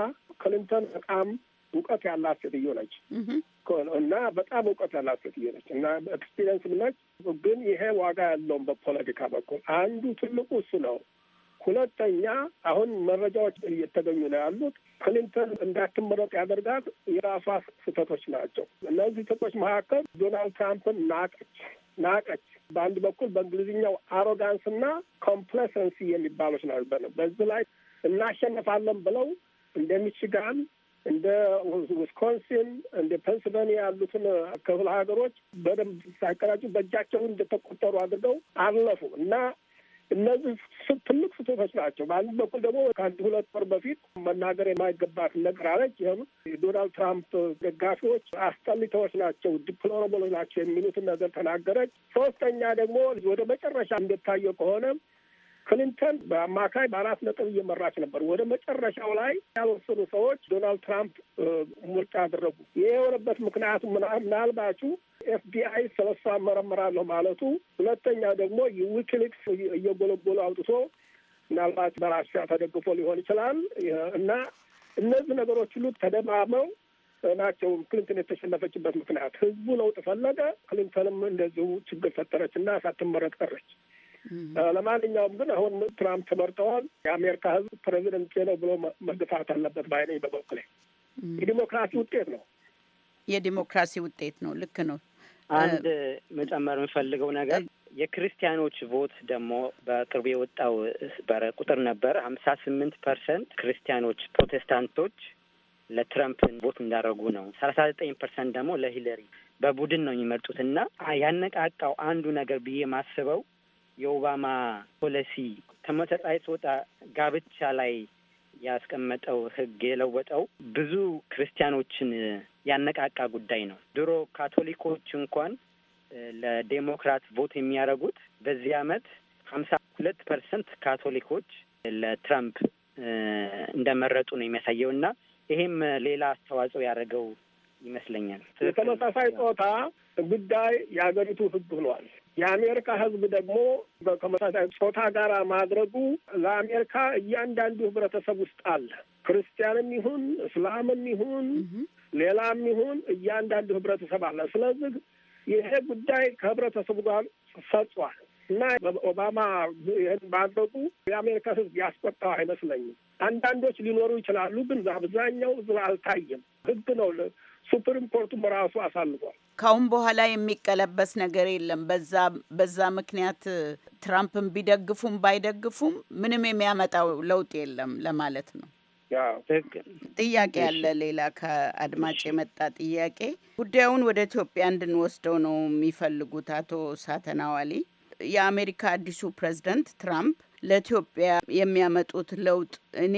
ክሊንተን በጣም እውቀት ያላት ሴትዮ ነች እና በጣም እውቀት ያላት ሴትዮ ነች እና ኤክስፒሪየንስም ምነች። ግን ይሄ ዋጋ ያለውም በፖለቲካ በኩል አንዱ ትልቁ እሱ ነው። ሁለተኛ አሁን መረጃዎች እየተገኙ ነው ያሉት። ክሊንተን እንዳትመረጥ ያደርጋት የራሷ ስህተቶች ናቸው። እነዚህ ስህተቶች መካከል ዶናልድ ትራምፕን ናቀች ናቀች። በአንድ በኩል በእንግሊዝኛው አሮጋንስ እና ኮምፕሌሰንሲ የሚባሉት ነበር። በዚህ ላይ እናሸነፋለን ብለው እንደ ሚችጋን እንደ ዊስኮንሲን እንደ ፔንስልቬኒያ ያሉትን ክፍለ ሀገሮች በደንብ ሳያቀራጩ በእጃቸውን እንደተቆጠሩ አድርገው አለፉ እና እነዚህ ትልቅ ስቶቶች ናቸው። በአንድ በኩል ደግሞ ከአንድ ሁለት ወር በፊት መናገር የማይገባት ነገር አለች። ይህም የዶናልድ ትራምፕ ደጋፊዎች አስጠሊተዎች ናቸው፣ ዲፕሎራብሎች ናቸው የሚሉትን ነገር ተናገረች። ሶስተኛ ደግሞ ወደ መጨረሻ እንደታየው ከሆነ ክሊንተን በአማካይ በአራት ነጥብ እየመራች ነበር። ወደ መጨረሻው ላይ ያልወሰኑ ሰዎች ዶናልድ ትራምፕ ምርጫ አደረጉ። ይህ የሆነበት ምክንያቱ ምናልባቹ ኤፍቢአይ ስለሷ መረመራለሁ ማለቱ፣ ሁለተኛ ደግሞ የዊኪሊክስ እየጎለጎሉ አውጥቶ ምናልባት በራሻ ተደግፎ ሊሆን ይችላል እና እነዚህ ነገሮች ሁሉ ተደማመው ናቸው ክሊንተን የተሸነፈችበት ምክንያት። ህዝቡ ለውጥ ፈለገ፣ ክሊንተንም እንደዚሁ ችግር ፈጠረች እና ሳትመረጥ ቀረች። ለማንኛውም ግን አሁን ትራምፕ ተመርጠዋል። የአሜሪካ ህዝብ ፕሬዚደንት ነው ብሎ መገፋት አለበት ባይነኝ በበኩሌ የዲሞክራሲ ውጤት ነው። የዲሞክራሲ ውጤት ነው። ልክ ነው። አንድ መጨመር የምፈልገው ነገር የክርስቲያኖች ቮት ደግሞ በቅርቡ የወጣው ቁጥር ነበር። ሀምሳ ስምንት ፐርሰንት ክርስቲያኖች ፕሮቴስታንቶች ለትረምፕ ቦት እንዳደረጉ ነው። ሰላሳ ዘጠኝ ፐርሰንት ደግሞ ለሂለሪ በቡድን ነው የሚመርጡት እና ያነቃቃው አንዱ ነገር ብዬ ማስበው የኦባማ ፖሊሲ ከመሰጣይ ጾታ ጋብቻ ላይ ያስቀመጠው ህግ የለወጠው ብዙ ክርስቲያኖችን ያነቃቃ ጉዳይ ነው። ድሮ ካቶሊኮች እንኳን ለዴሞክራት ቮት የሚያደርጉት በዚህ አመት ሀምሳ ሁለት ፐርሰንት ካቶሊኮች ለትራምፕ እንደመረጡ ነው የሚያሳየው እና ይሄም ሌላ አስተዋጽኦ ያደረገው ይመስለኛል። የተመሳሳይ ጾታ ጉዳይ የሀገሪቱ ህግ ብሏል። የአሜሪካ ህዝብ ደግሞ ከመሳሳይ ጾታ ጋር ማድረጉ ለአሜሪካ እያንዳንዱ ህብረተሰብ ውስጥ አለ። ክርስቲያንም ይሁን እስላምም ይሁን ሌላም ይሁን እያንዳንዱ ህብረተሰብ አለ። ስለዚህ ይሄ ጉዳይ ከህብረተሰቡ ጋር ሰጧል እና ኦባማ ይህን ማድረጉ የአሜሪካ ህዝብ ያስቆጣው አይመስለኝም። አንዳንዶች ሊኖሩ ይችላሉ፣ ግን አብዛኛው ህዝብ አልታየም። ህግ ነው ሱፕሪም ኮርቱም ራሱ አሳልፏል። ካሁን በኋላ የሚቀለበስ ነገር የለም። በዛ በዛ ምክንያት ትራምፕን ቢደግፉም ባይደግፉም ምንም የሚያመጣው ለውጥ የለም ለማለት ነው። ጥያቄ ያለ ሌላ ከአድማጭ የመጣ ጥያቄ ጉዳዩን ወደ ኢትዮጵያ እንድንወስደው ነው የሚፈልጉት አቶ ሳተናዋሊ። የአሜሪካ አዲሱ ፕሬዝደንት ትራምፕ ለኢትዮጵያ የሚያመጡት ለውጥ እኔ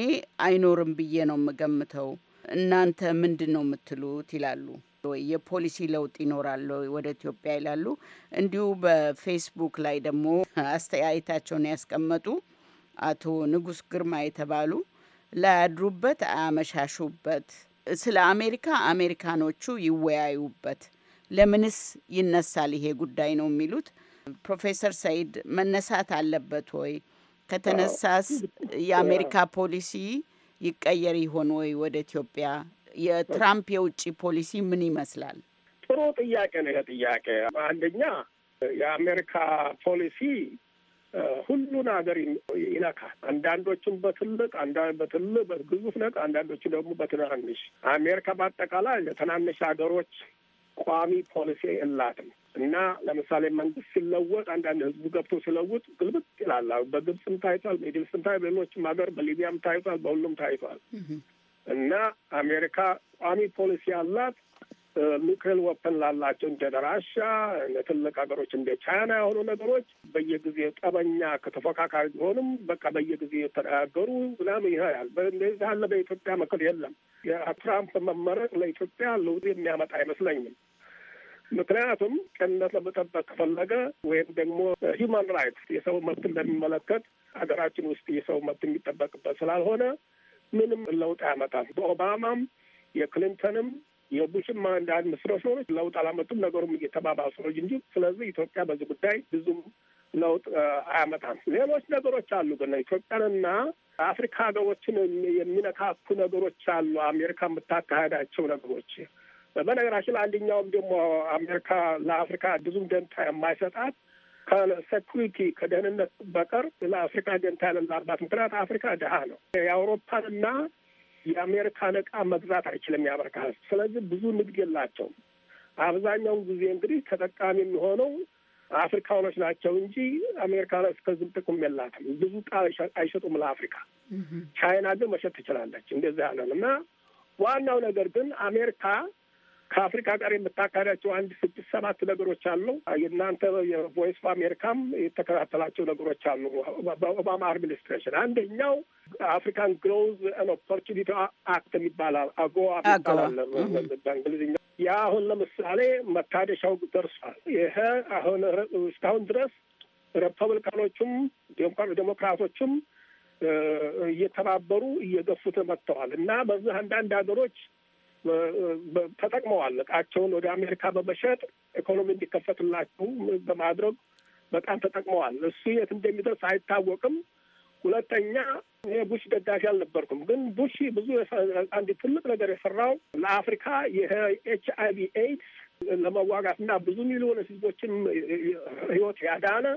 አይኖርም ብዬ ነው የምገምተው እናንተ ምንድን ነው የምትሉት ይላሉ ወይ የፖሊሲ ለውጥ ይኖራል ወደ ኢትዮጵያ ይላሉ። እንዲሁ በፌስቡክ ላይ ደግሞ አስተያየታቸውን ያስቀመጡ አቶ ንጉስ ግርማ የተባሉ ላያድሩበት፣ አያመሻሹበት፣ ስለ አሜሪካ አሜሪካኖቹ ይወያዩበት፣ ለምንስ ይነሳል ይሄ ጉዳይ ነው የሚሉት ፕሮፌሰር ሰይድ መነሳት አለበት ወይ ከተነሳስ የአሜሪካ ፖሊሲ ይቀየር ይሆን ወይ ወደ ኢትዮጵያ? የትራምፕ የውጭ ፖሊሲ ምን ይመስላል? ጥሩ ጥያቄ ነው። ይሄ ጥያቄ አንደኛ የአሜሪካ ፖሊሲ ሁሉን ሀገር ይነካል። አንዳንዶችን በትልቅ አንዳንድ በትልቅ በግዙፍ ነቅ አንዳንዶቹ ደግሞ በትናንሽ። አሜሪካ በአጠቃላይ ለትናንሽ ሀገሮች ቋሚ ፖሊሲ የላትም። እና ለምሳሌ መንግስት ሲለወጥ አንዳንድ ህዝቡ ገብቶ ሲለውጥ ግልብጥ ይላል። በግብፅም ታይቷል፣ በግብፅም ታይ በሌሎችም ሀገር በሊቢያም ታይቷል፣ በሁሉም ታይቷል። እና አሜሪካ ቋሚ ፖሊሲ ያላት ኒውክሌር ወፕን ላላቸው እንደ ደራሻ ትልቅ ሀገሮች እንደ ቻይና የሆኑ ነገሮች በየጊዜ ጠበኛ ከተፎካካሪ ቢሆንም በቃ በየጊዜ የተነጋገሩ ምናምን ይሆናል። እንደዚህ ያለ በኢትዮጵያ ምክር የለም። የትራምፕ መመረቅ ለኢትዮጵያ ለውጥ የሚያመጣ አይመስለኝም። ምክንያቱም ቅንነት ለመጠበቅ ከፈለገ ወይም ደግሞ ሂውማን ራይትስ የሰው መብት እንደሚመለከት ሀገራችን ውስጥ የሰው መብት የሚጠበቅበት ስላልሆነ ምንም ለውጥ አያመጣም። በኦባማም የክሊንተንም የቡሽም አንዳንድ ምስረሶች ለውጥ አላመጡም። ነገሩም እየተባባሱ ነው እንጂ ስለዚህ ኢትዮጵያ በዚህ ጉዳይ ብዙም ለውጥ አያመጣም። ሌሎች ነገሮች አሉ ግን ኢትዮጵያንና አፍሪካ ሀገሮችን የሚነካኩ ነገሮች አሉ። አሜሪካ የምታካሄዳቸው ነገሮች በነገራችን አንደኛውም ደግሞ አሜሪካ ለአፍሪካ ብዙም ደንታ የማይሰጣት ከሴኩሪቲ ከደህንነት በቀር ለአፍሪካ ደንታ የሌለባት ምክንያት አፍሪካ ድሀ ነው። የአውሮፓንና የአሜሪካን እቃ መግዛት አይችልም ያበርካ። ስለዚህ ብዙ ንግድ የላቸውም። አብዛኛውን ጊዜ እንግዲህ ተጠቃሚ የሚሆነው አፍሪካኖች ናቸው እንጂ አሜሪካኖች ከዝም ጥቅም የላትም። ብዙ እቃ አይሸጡም ለአፍሪካ። ቻይና ግን መሸጥ ትችላለች። እንደዚህ ያለን እና ዋናው ነገር ግን አሜሪካ ከአፍሪካ ጋር የምታካሪያቸው አንድ ስድስት ሰባት ነገሮች አሉ። የእናንተ የቮይስ ኦፍ አሜሪካም የተከታተላቸው ነገሮች አሉ። በኦባማ አድሚኒስትሬሽን አንደኛው አፍሪካን ግሮዝ ን ኦፖርቹኒቲ አክት የሚባላል አጎዋ ይባላል በእንግሊዝኛ። ያ አሁን ለምሳሌ መታደሻው ደርሷል። ይሄ አሁን እስካሁን ድረስ ሪፐብሊካኖቹም ዴሞክራቶቹም እየተባበሩ እየገፉት መጥተዋል እና በዚህ አንዳንድ ሀገሮች ተጠቅመዋል። እቃቸውን ወደ አሜሪካ በመሸጥ ኢኮኖሚ እንዲከፈትላቸው በማድረግ በጣም ተጠቅመዋል። እሱ የት እንደሚደርስ አይታወቅም። ሁለተኛ እኔ ቡሽ ደጋፊ አልነበርኩም፣ ግን ቡሽ ብዙ አንድ ትልቅ ነገር የሰራው ለአፍሪካ የኤች አይ ቪ ኤድስ ለመዋጋት እና ብዙ ሚሊዮን ህዝቦችን ህይወት ያዳነ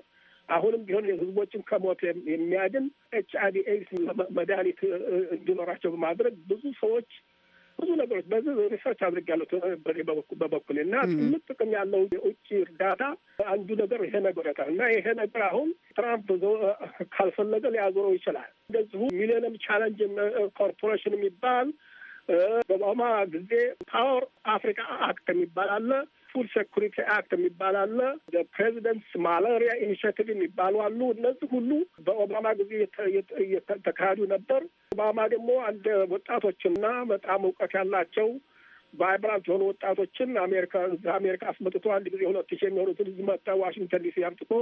አሁንም ቢሆን ህዝቦችን ከሞት የሚያድን ኤች አይ ቪ ኤድስ መድኃኒት እንዲኖራቸው በማድረግ ብዙ ሰዎች ብዙ ነገሮች በዚህ ሪሰርች አድርጌያለሁ በበኩል እና ትልቅ ጥቅም ያለው የውጭ እርዳታ አንዱ ነገር ይሄ ነገር ያውቃል እና ይሄ ነገር አሁን ትራምፕ ካልፈለገ ሊያዞረው ይችላል። እንደዚሁ ሚሊኒየም ቻለንጅ ኮርፖሬሽን የሚባል በኦባማ ጊዜ ፓወር አፍሪካ አክት የሚባል አለ። ፉድ ሴኩሪቲ አክት የሚባል አለ። ፕሬዚደንትስ ማላሪያ ኢኒሽቲቭ የሚባሉ አሉ። እነዚህ ሁሉ በኦባማ ጊዜ ተካሂዱ ነበር። ኦባማ ደግሞ አንድ ወጣቶችና በጣም እውቀት ያላቸው ቫይብራንት የሆኑ ወጣቶችን አሜሪካ አሜሪካ አስመጥቶ አንድ ጊዜ ሁለት ሺህ የሚሆኑትን እዚህ መጣ ዋሽንግተን ዲሲ አምጥቶ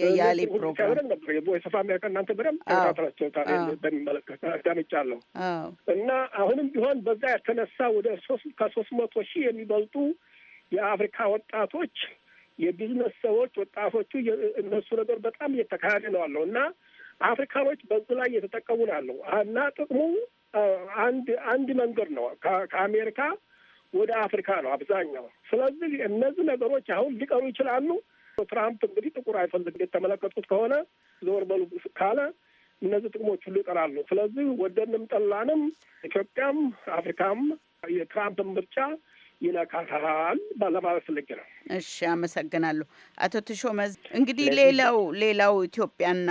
የያሌ ፕሮግራም ነበር። የቮይስ ኦፍ አሜሪካ እናንተ በደምብ ተከታተላቸው ታ በሚመለከት አዳምጫለሁ። እና አሁንም ቢሆን በዛ የተነሳ ወደ ሶስት ከሶስት መቶ ሺህ የሚበልጡ የአፍሪካ ወጣቶች የቢዝነስ ሰዎች ወጣቶቹ እነሱ ነገር በጣም እየተካሄደ ነው አለው እና አፍሪካኖች በዙ ላይ እየተጠቀሙ ነው አለው እና ጥቅሙ አንድ አንድ መንገድ ነው ከአሜሪካ ወደ አፍሪካ ነው አብዛኛው። ስለዚህ እነዚህ ነገሮች አሁን ሊቀሩ ይችላሉ። ትራምፕ እንግዲህ ጥቁር አይፈልግ እንደተመለከቱት ከሆነ ዞር በሉ ካለ እነዚህ ጥቅሞች ሁሉ ይቀራሉ። ስለዚህ ወደንም ጠላንም ኢትዮጵያም አፍሪካም የትራምፕን ምርጫ ይነካታል ባለማለት ፈልጌ ነው። እሺ አመሰግናለሁ አቶ ተሾመዝ። እንግዲህ ሌላው ሌላው ኢትዮጵያና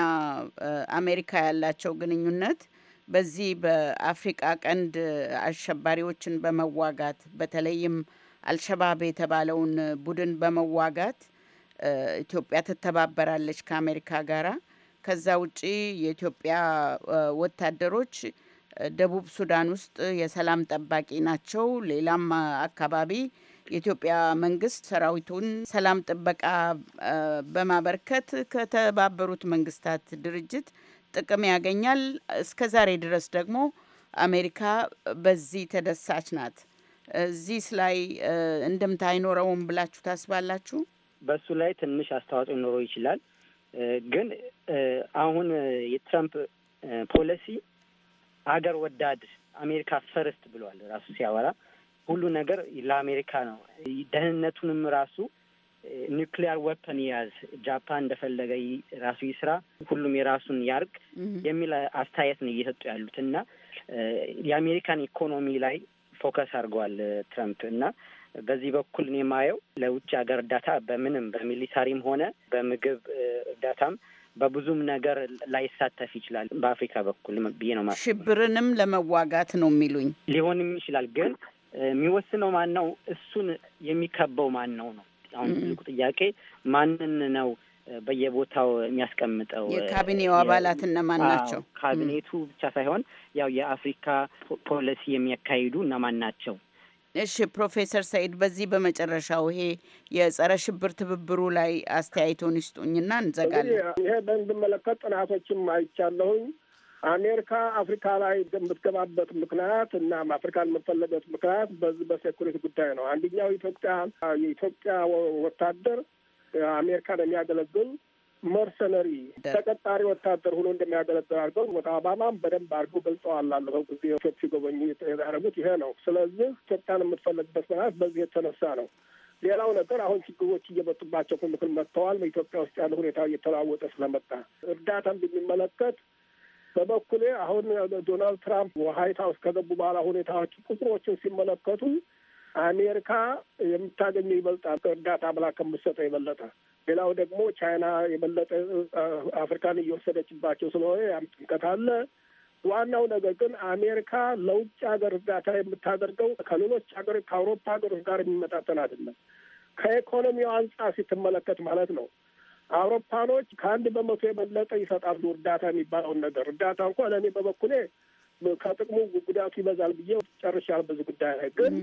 አሜሪካ ያላቸው ግንኙነት በዚህ በአፍሪቃ ቀንድ አሸባሪዎችን በመዋጋት በተለይም አልሸባብ የተባለውን ቡድን በመዋጋት ኢትዮጵያ ትተባበራለች ከአሜሪካ ጋራ። ከዛ ውጪ የኢትዮጵያ ወታደሮች ደቡብ ሱዳን ውስጥ የሰላም ጠባቂ ናቸው። ሌላም አካባቢ የኢትዮጵያ መንግስት ሰራዊቱን ሰላም ጥበቃ በማበርከት ከተባበሩት መንግስታት ድርጅት ጥቅም ያገኛል። እስከ ዛሬ ድረስ ደግሞ አሜሪካ በዚህ ተደሳች ናት። እዚህ ላይ እንድምታ አይኖረውም ብላችሁ ታስባላችሁ? በሱ ላይ ትንሽ አስተዋጽኦ ሊኖረው ይችላል። ግን አሁን የትራምፕ ፖሊሲ ሀገር ወዳድ አሜሪካ ፈርስት ብሏል ራሱ ሲያወራ ሁሉ ነገር ለአሜሪካ ነው። ደህንነቱንም ራሱ ኒውክሊያር ወፐን ያዝ ጃፓን እንደፈለገ ራሱ ይስራ፣ ሁሉም የራሱን ያርቅ የሚል አስተያየት ነው እየሰጡ ያሉት እና የአሜሪካን ኢኮኖሚ ላይ ፎከስ አድርገዋል ትረምፕ እና በዚህ በኩል እኔ የማየው ለውጭ ሀገር እርዳታ በምንም በሚሊታሪም ሆነ በምግብ እርዳታም በብዙም ነገር ላይሳተፍ ይችላል። በአፍሪካ በኩል ብዬ ነው ማለት ሽብርንም ለመዋጋት ነው የሚሉኝ ሊሆንም ይችላል። ግን የሚወስነው ማን ነው? እሱን የሚከበው ማን ነው ነው አሁን ትልቁ ጥያቄ። ማንን ነው በየቦታው የሚያስቀምጠው? የካቢኔው አባላት እነማን ናቸው? ካቢኔቱ ብቻ ሳይሆን ያው የአፍሪካ ፖሊሲ የሚያካሂዱ እነማን ናቸው? እሺ ፕሮፌሰር ሰኢድ በዚህ በመጨረሻው ይሄ የጸረ ሽብር ትብብሩ ላይ አስተያየቶን ይስጡኝና እንዘጋለን። ይሄ በንድመለከት ጥናቶችም አይቻለሁኝ። አሜሪካ አፍሪካ ላይ የምትገባበት ምክንያት እና አፍሪካ የምትፈለገት ምክንያት በዚህ በሴኩሪቲ ጉዳይ ነው። አንደኛው ኢትዮጵያ የኢትዮጵያ ወታደር አሜሪካን የሚያገለግል መርሰነሪ ተቀጣሪ ወታደር ሆኖ እንደሚያገለግል አድርገው ኦባማም በደንብ አድርገው ገልጸዋል። ላለፈው ጊዜ ኢትዮጵ ሲጎበኙ ያደረጉት ይሄ ነው። ስለዚህ ኢትዮጵያን የምትፈለግበት ምክንያት በዚህ የተነሳ ነው። ሌላው ነገር አሁን ችግሮች እየመጡባቸው ክምክል መጥተዋል። በኢትዮጵያ ውስጥ ያለ ሁኔታ እየተለዋወጠ ስለመጣ እርዳታን በሚመለከት በበኩሌ አሁን ዶናልድ ትራምፕ ዋይት ሀውስ ከገቡ በኋላ ሁኔታዎች ቁጥሮችን ሲመለከቱ አሜሪካ የምታገኘው ይበልጣል፣ እርዳታ ብላ ከምትሰጠው የበለጠ ሌላው ደግሞ ቻይና የበለጠ አፍሪካን እየወሰደችባቸው ስለሆነ ያም ጥምቀት አለ። ዋናው ነገር ግን አሜሪካ ለውጭ ሀገር እርዳታ የምታደርገው ከሌሎች ሀገር ከአውሮፓ ሀገሮች ጋር የሚመጣጠን አይደለም። ከኢኮኖሚው አንጻር ስትመለከት ማለት ነው። አውሮፓኖች ከአንድ በመቶ የበለጠ ይሰጣሉ እርዳታ የሚባለውን ነገር። እርዳታ እንኳን እኔ በበኩሌ ከጥቅሙ ጉዳቱ ይበዛል ብዬ ጨርሻል። በዚህ ጉዳይ ላይ ግን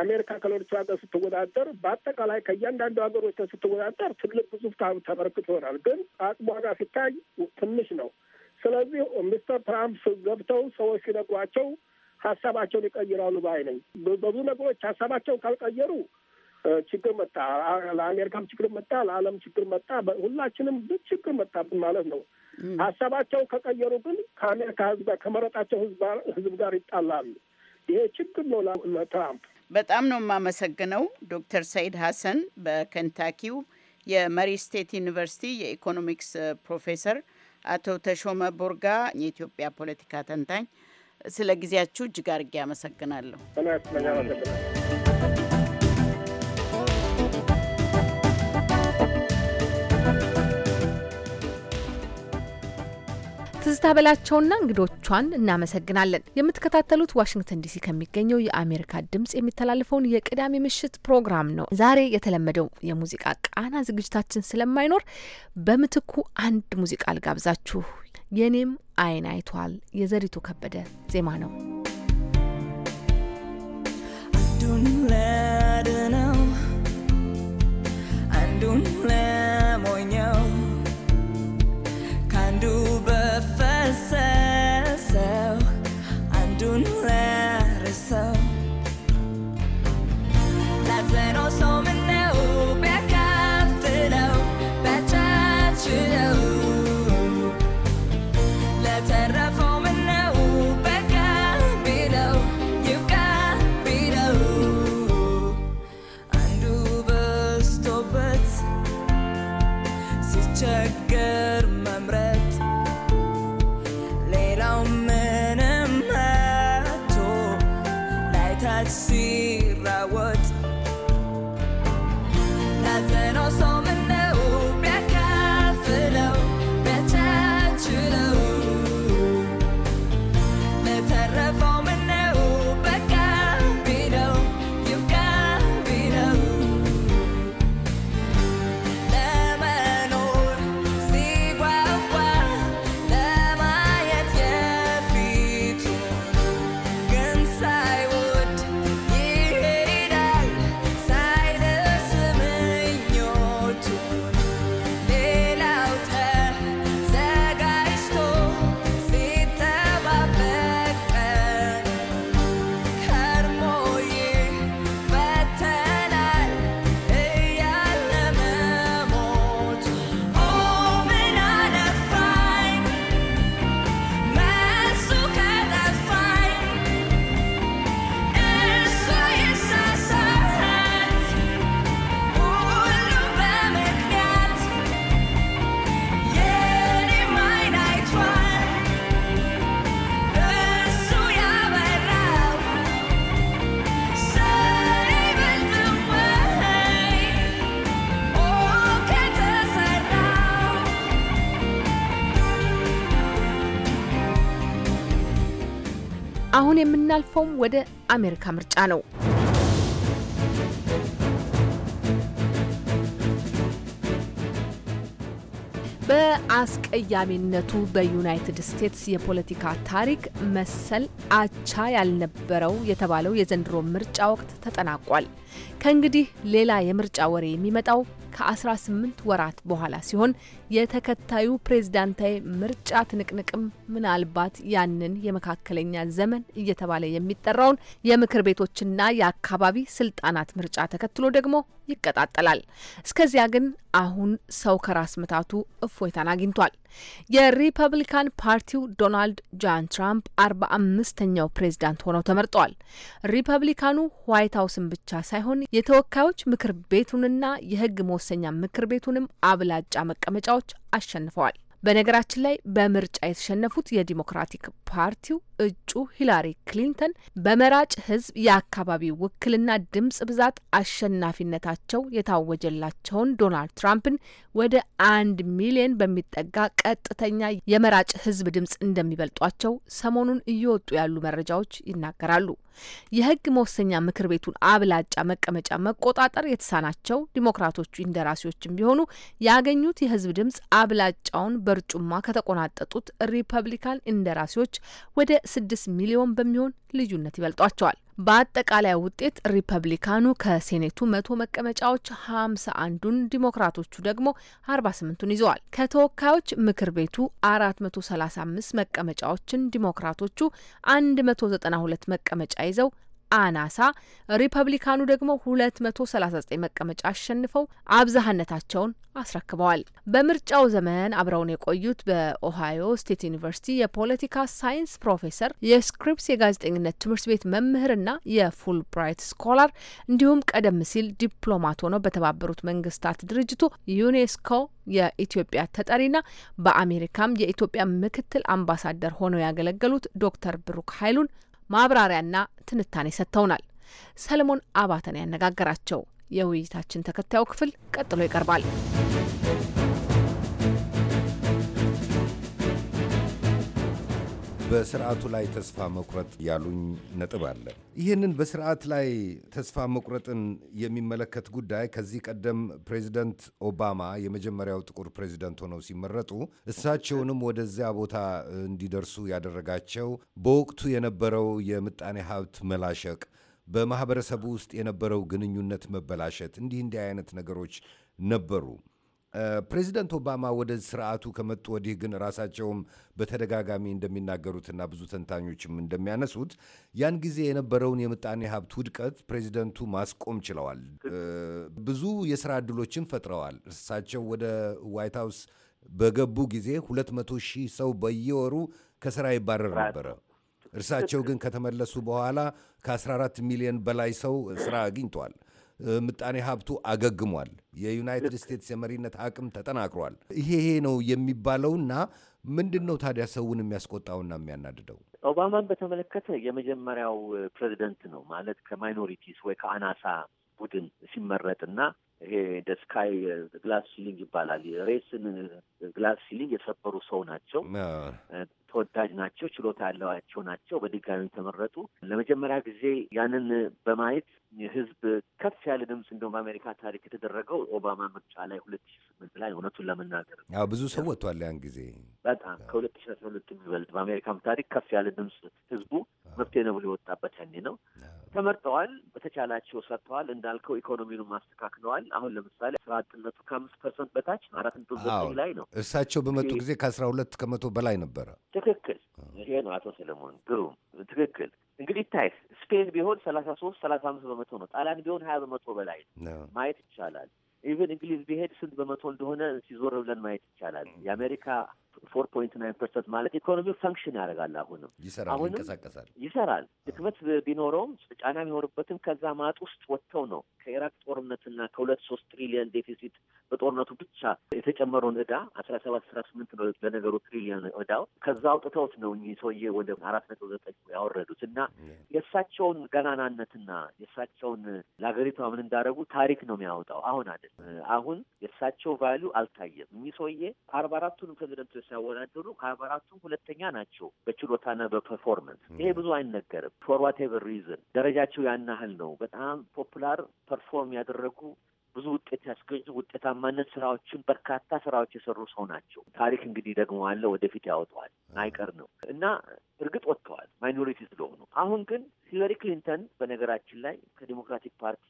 አሜሪካ ከሌሎቹ ሀገር ስትወዳደር በአጠቃላይ ከእያንዳንዱ ሀገሮች ስትወዳደር ትልቅ ግዙፍ ተበርክቶ ይሆናል፣ ግን አቅሟ ጋር ሲታይ ትንሽ ነው። ስለዚህ ሚስተር ትራምፕ ገብተው ሰዎች ሲነግሯቸው ሀሳባቸውን ይቀይራሉ ባይ ነኝ። በብዙ ነገሮች ሀሳባቸውን ካልቀየሩ ችግር መጣ፣ ለአሜሪካም ችግር መጣ፣ ለዓለም ችግር መጣ፣ ሁላችንም ችግር መጣብን ማለት ነው። ሀሳባቸው ከቀየሩ ግን ከአሜሪካ ሕዝብ ከመረጣቸው ህዝብ ጋር ይጣላሉ። ይሄ ችግር ነው ለትራምፕ። በጣም ነው የማመሰግነው ዶክተር ሰይድ ሀሰን በከንታኪው የመሪ ስቴት ዩኒቨርሲቲ የኢኮኖሚክስ ፕሮፌሰር፣ አቶ ተሾመ ቦርጋ የኢትዮጵያ ፖለቲካ ተንታኝ፣ ስለ ጊዜያችሁ እጅግ አድርጌ አመሰግናለሁ። ትዝታ በላቸውና እንግዶቿን እናመሰግናለን። የምትከታተሉት ዋሽንግተን ዲሲ ከሚገኘው የአሜሪካ ድምጽ የሚተላለፈውን የቅዳሜ ምሽት ፕሮግራም ነው። ዛሬ የተለመደው የሙዚቃ ቃና ዝግጅታችን ስለማይኖር በምትኩ አንድ ሙዚቃ ልጋብዛችሁ። የኔም አይን አይቷል የዘሪቱ ከበደ ዜማ ነው። አንዱን ላድነው አንዱን የምናልፈውም ወደ አሜሪካ ምርጫ ነው። በአስቀያሚነቱ በዩናይትድ ስቴትስ የፖለቲካ ታሪክ መሰል አቻ ያልነበረው የተባለው የዘንድሮ ምርጫ ወቅት ተጠናቋል። ከእንግዲህ ሌላ የምርጫ ወሬ የሚመጣው ከ18 ወራት በኋላ ሲሆን የተከታዩ ፕሬዝዳንታዊ ምርጫ ትንቅንቅም ምናልባት ያንን የመካከለኛ ዘመን እየተባለ የሚጠራውን የምክር ቤቶችና የአካባቢ ስልጣናት ምርጫ ተከትሎ ደግሞ ይቀጣጠላል። እስከዚያ ግን አሁን ሰው ከራስ ምታቱ እፎይታን አግኝቷል። የሪፐብሊካን ፓርቲው ዶናልድ ጃን ትራምፕ አርባ አምስተኛው ፕሬዝዳንት ሆነው ተመርጠዋል። ሪፐብሊካኑ ዋይት ሀውስን ብቻ ሳይሆን የተወካዮች ምክር ቤቱንና የህግ መወሰኛ ምክር ቤቱንም አብላጫ መቀመጫዎች አሸንፈዋል። በነገራችን ላይ በምርጫ የተሸነፉት የዲሞክራቲክ ፓርቲው እጩ ሂላሪ ክሊንተን በመራጭ ህዝብ የአካባቢ ውክልና ድምጽ ብዛት አሸናፊነታቸው የታወጀላቸውን ዶናልድ ትራምፕን ወደ አንድ ሚሊየን በሚጠጋ ቀጥተኛ የመራጭ ህዝብ ድምጽ እንደሚበልጧቸው ሰሞኑን እየወጡ ያሉ መረጃዎች ይናገራሉ። የህግ መወሰኛ ምክር ቤቱን አብላጫ መቀመጫ መቆጣጠር የተሳናቸው ዲሞክራቶቹ እንደራሲዎችም ቢሆኑ ያገኙት የህዝብ ድምጽ አብላጫውን በርጩማ ከተቆናጠጡት ሪፐብሊካን ኢንደራሲዎች ወደ ስድስት ሚሊዮን በሚሆን ልዩነት ይበልጧቸዋል። በአጠቃላይ ውጤት ሪፐብሊካኑ ከሴኔቱ መቶ መቀመጫዎች ሀምሳ አንዱን ዲሞክራቶቹ ደግሞ አርባ ስምንቱን ይዘዋል። ከተወካዮች ምክር ቤቱ አራት መቶ ሰላሳ አምስት መቀመጫዎችን ዲሞክራቶቹ አንድ መቶ ዘጠና ሁለት መቀመጫ ይዘው አናሳ፣ ሪፐብሊካኑ ደግሞ 239 መቀመጫ አሸንፈው አብዛሀነታቸውን አስረክበዋል። በምርጫው ዘመን አብረውን የቆዩት በኦሃዮ ስቴት ዩኒቨርሲቲ የፖለቲካ ሳይንስ ፕሮፌሰር፣ የስክሪፕስ የጋዜጠኝነት ትምህርት ቤት መምህርና የፉል ብራይት ስኮላር እንዲሁም ቀደም ሲል ዲፕሎማት ሆነው በተባበሩት መንግስታት ድርጅቱ ዩኔስኮ የኢትዮጵያ ተጠሪና በአሜሪካም የኢትዮጵያ ምክትል አምባሳደር ሆነው ያገለገሉት ዶክተር ብሩክ ኃይሉን ማብራሪያና ትንታኔ ሰጥተውናል። ሰለሞን አባተን ያነጋገራቸው የውይይታችን ተከታዩ ክፍል ቀጥሎ ይቀርባል። በስርዓቱ ላይ ተስፋ መቁረጥ ያሉኝ ነጥብ አለ። ይህንን በስርዓት ላይ ተስፋ መቁረጥን የሚመለከት ጉዳይ ከዚህ ቀደም ፕሬዚደንት ኦባማ የመጀመሪያው ጥቁር ፕሬዚደንት ሆነው ሲመረጡ እሳቸውንም ወደዚያ ቦታ እንዲደርሱ ያደረጋቸው በወቅቱ የነበረው የምጣኔ ሀብት መላሸቅ፣ በማህበረሰቡ ውስጥ የነበረው ግንኙነት መበላሸት፣ እንዲህ እንዲህ አይነት ነገሮች ነበሩ። ፕሬዚደንት ኦባማ ወደ ስርዓቱ ከመጡ ወዲህ ግን ራሳቸውም በተደጋጋሚ እንደሚናገሩትና ብዙ ተንታኞችም እንደሚያነሱት ያን ጊዜ የነበረውን የምጣኔ ሀብት ውድቀት ፕሬዚደንቱ ማስቆም ችለዋል። ብዙ የስራ እድሎችን ፈጥረዋል። እርሳቸው ወደ ዋይት ሀውስ በገቡ ጊዜ ሁለት መቶ ሺህ ሰው በየወሩ ከስራ ይባረር ነበረ። እርሳቸው ግን ከተመለሱ በኋላ ከ14 ሚሊዮን በላይ ሰው ስራ አግኝቷል። ምጣኔ ሀብቱ አገግሟል። የዩናይትድ ስቴትስ የመሪነት አቅም ተጠናክሯል። ይሄ ይሄ ነው የሚባለውና ምንድን ነው ታዲያ ሰውን የሚያስቆጣውና የሚያናድደው? ኦባማን በተመለከተ የመጀመሪያው ፕሬዚደንት ነው ማለት ከማይኖሪቲስ ወይ ከአናሳ ቡድን ሲመረጥና ይሄ ደስካይ ግላስ ሲሊንግ ይባላል። ሬስን ግላስ ሲሊንግ የሰበሩ ሰው ናቸው። ተወዳጅ ናቸው፣ ችሎታ ያለዋቸው ናቸው። በድጋሚ ተመረጡ። ለመጀመሪያ ጊዜ ያንን በማየት ህዝብ ከፍ ያለ ድምፅ እንደውም በአሜሪካ ታሪክ የተደረገው ኦባማ ምርጫ ላይ ሁለት ሺ ስምንት ላይ እውነቱን ለመናገር አዎ ብዙ ሰው ወጥቷል። ያን ጊዜ በጣም ከሁለት ሺ አስራ ሁለት የሚበልጥ በአሜሪካም ታሪክ ከፍ ያለ ድምፅ ህዝቡ መፍትሄ ነው ብሎ የወጣበት ያኔ ነው። ተመርጠዋል። በተቻላቸው ሰጥተዋል። እንዳልከው ኢኮኖሚውን ማስተካክለዋል። አሁን ለምሳሌ ስራ አጥነቱ ከአምስት ፐርሰንት በታች አራት ነጥብ ዘጠኝ ላይ ነው። እሳቸው በመጡ ጊዜ ከአስራ ሁለት ከመቶ በላይ ነበረ። ትክክል። ይሄ ነው አቶ ሰለሞን ግሩም ትክክል። እንግዲህ ታይ ስፔን ቢሆን ሰላሳ ሶስት ሰላሳ አምስት በመቶ ነው። ጣሊያን ቢሆን ሀያ በመቶ በላይ ማየት ይቻላል። ኢቨን እንግሊዝ ቢሄድ ስንት በመቶ እንደሆነ ሲዞር ብለን ማየት ይቻላል። የአሜሪካ ፎር ፖይንት ናይን ፐርሰንት ማለት ኢኮኖሚው ፈንክሽን ያደርጋል። አሁንም ይሰራል፣ ይንቀሳቀሳል፣ ይሰራል። ድክመት ቢኖረውም ጫና ቢኖርበትም ከዛ ማጥ ውስጥ ወጥተው ነው ከኢራቅ ጦርነትና ከሁለት ሶስት ትሪሊየን ዴፊሲት በጦርነቱ ብቻ የተጨመረውን እዳ አስራ ሰባት አስራ ስምንት ነው ለነገሩ ትሪሊየን እዳው ከዛ አውጥተውት ነው እኚህ ሰውዬ ወደ አራት ነጥብ ዘጠኝ ያወረዱት እና የእሳቸውን ገናናነትና የእሳቸውን ለሀገሪቷ ምን እንዳደረጉ ታሪክ ነው የሚያወጣው። አሁን አይደል አሁን የእሳቸው ቫሊዩ አልታየም። እኚህ ሰውዬ አርባ አራቱን ፕሬዚደንት ሲያወዳደሩ ከሀገራቱ ሁለተኛ ናቸው በችሎታና በፐርፎርመንስ። ይሄ ብዙ አይነገርም። ፎር ዋቴቨር ሪዝን ደረጃቸው ያናህል ነው። በጣም ፖፑላር ፐርፎርም ያደረጉ ብዙ ውጤት ያስገኙ ውጤታማነት ስራዎችን በርካታ ስራዎች የሰሩ ሰው ናቸው። ታሪክ እንግዲህ ደግሞ አለ ወደፊት ያወጣዋል አይቀር ነው እና እርግጥ ወጥተዋል ማይኖሪቲ ስለሆኑ። አሁን ግን ሂለሪ ክሊንተን በነገራችን ላይ ከዲሞክራቲክ ፓርቲ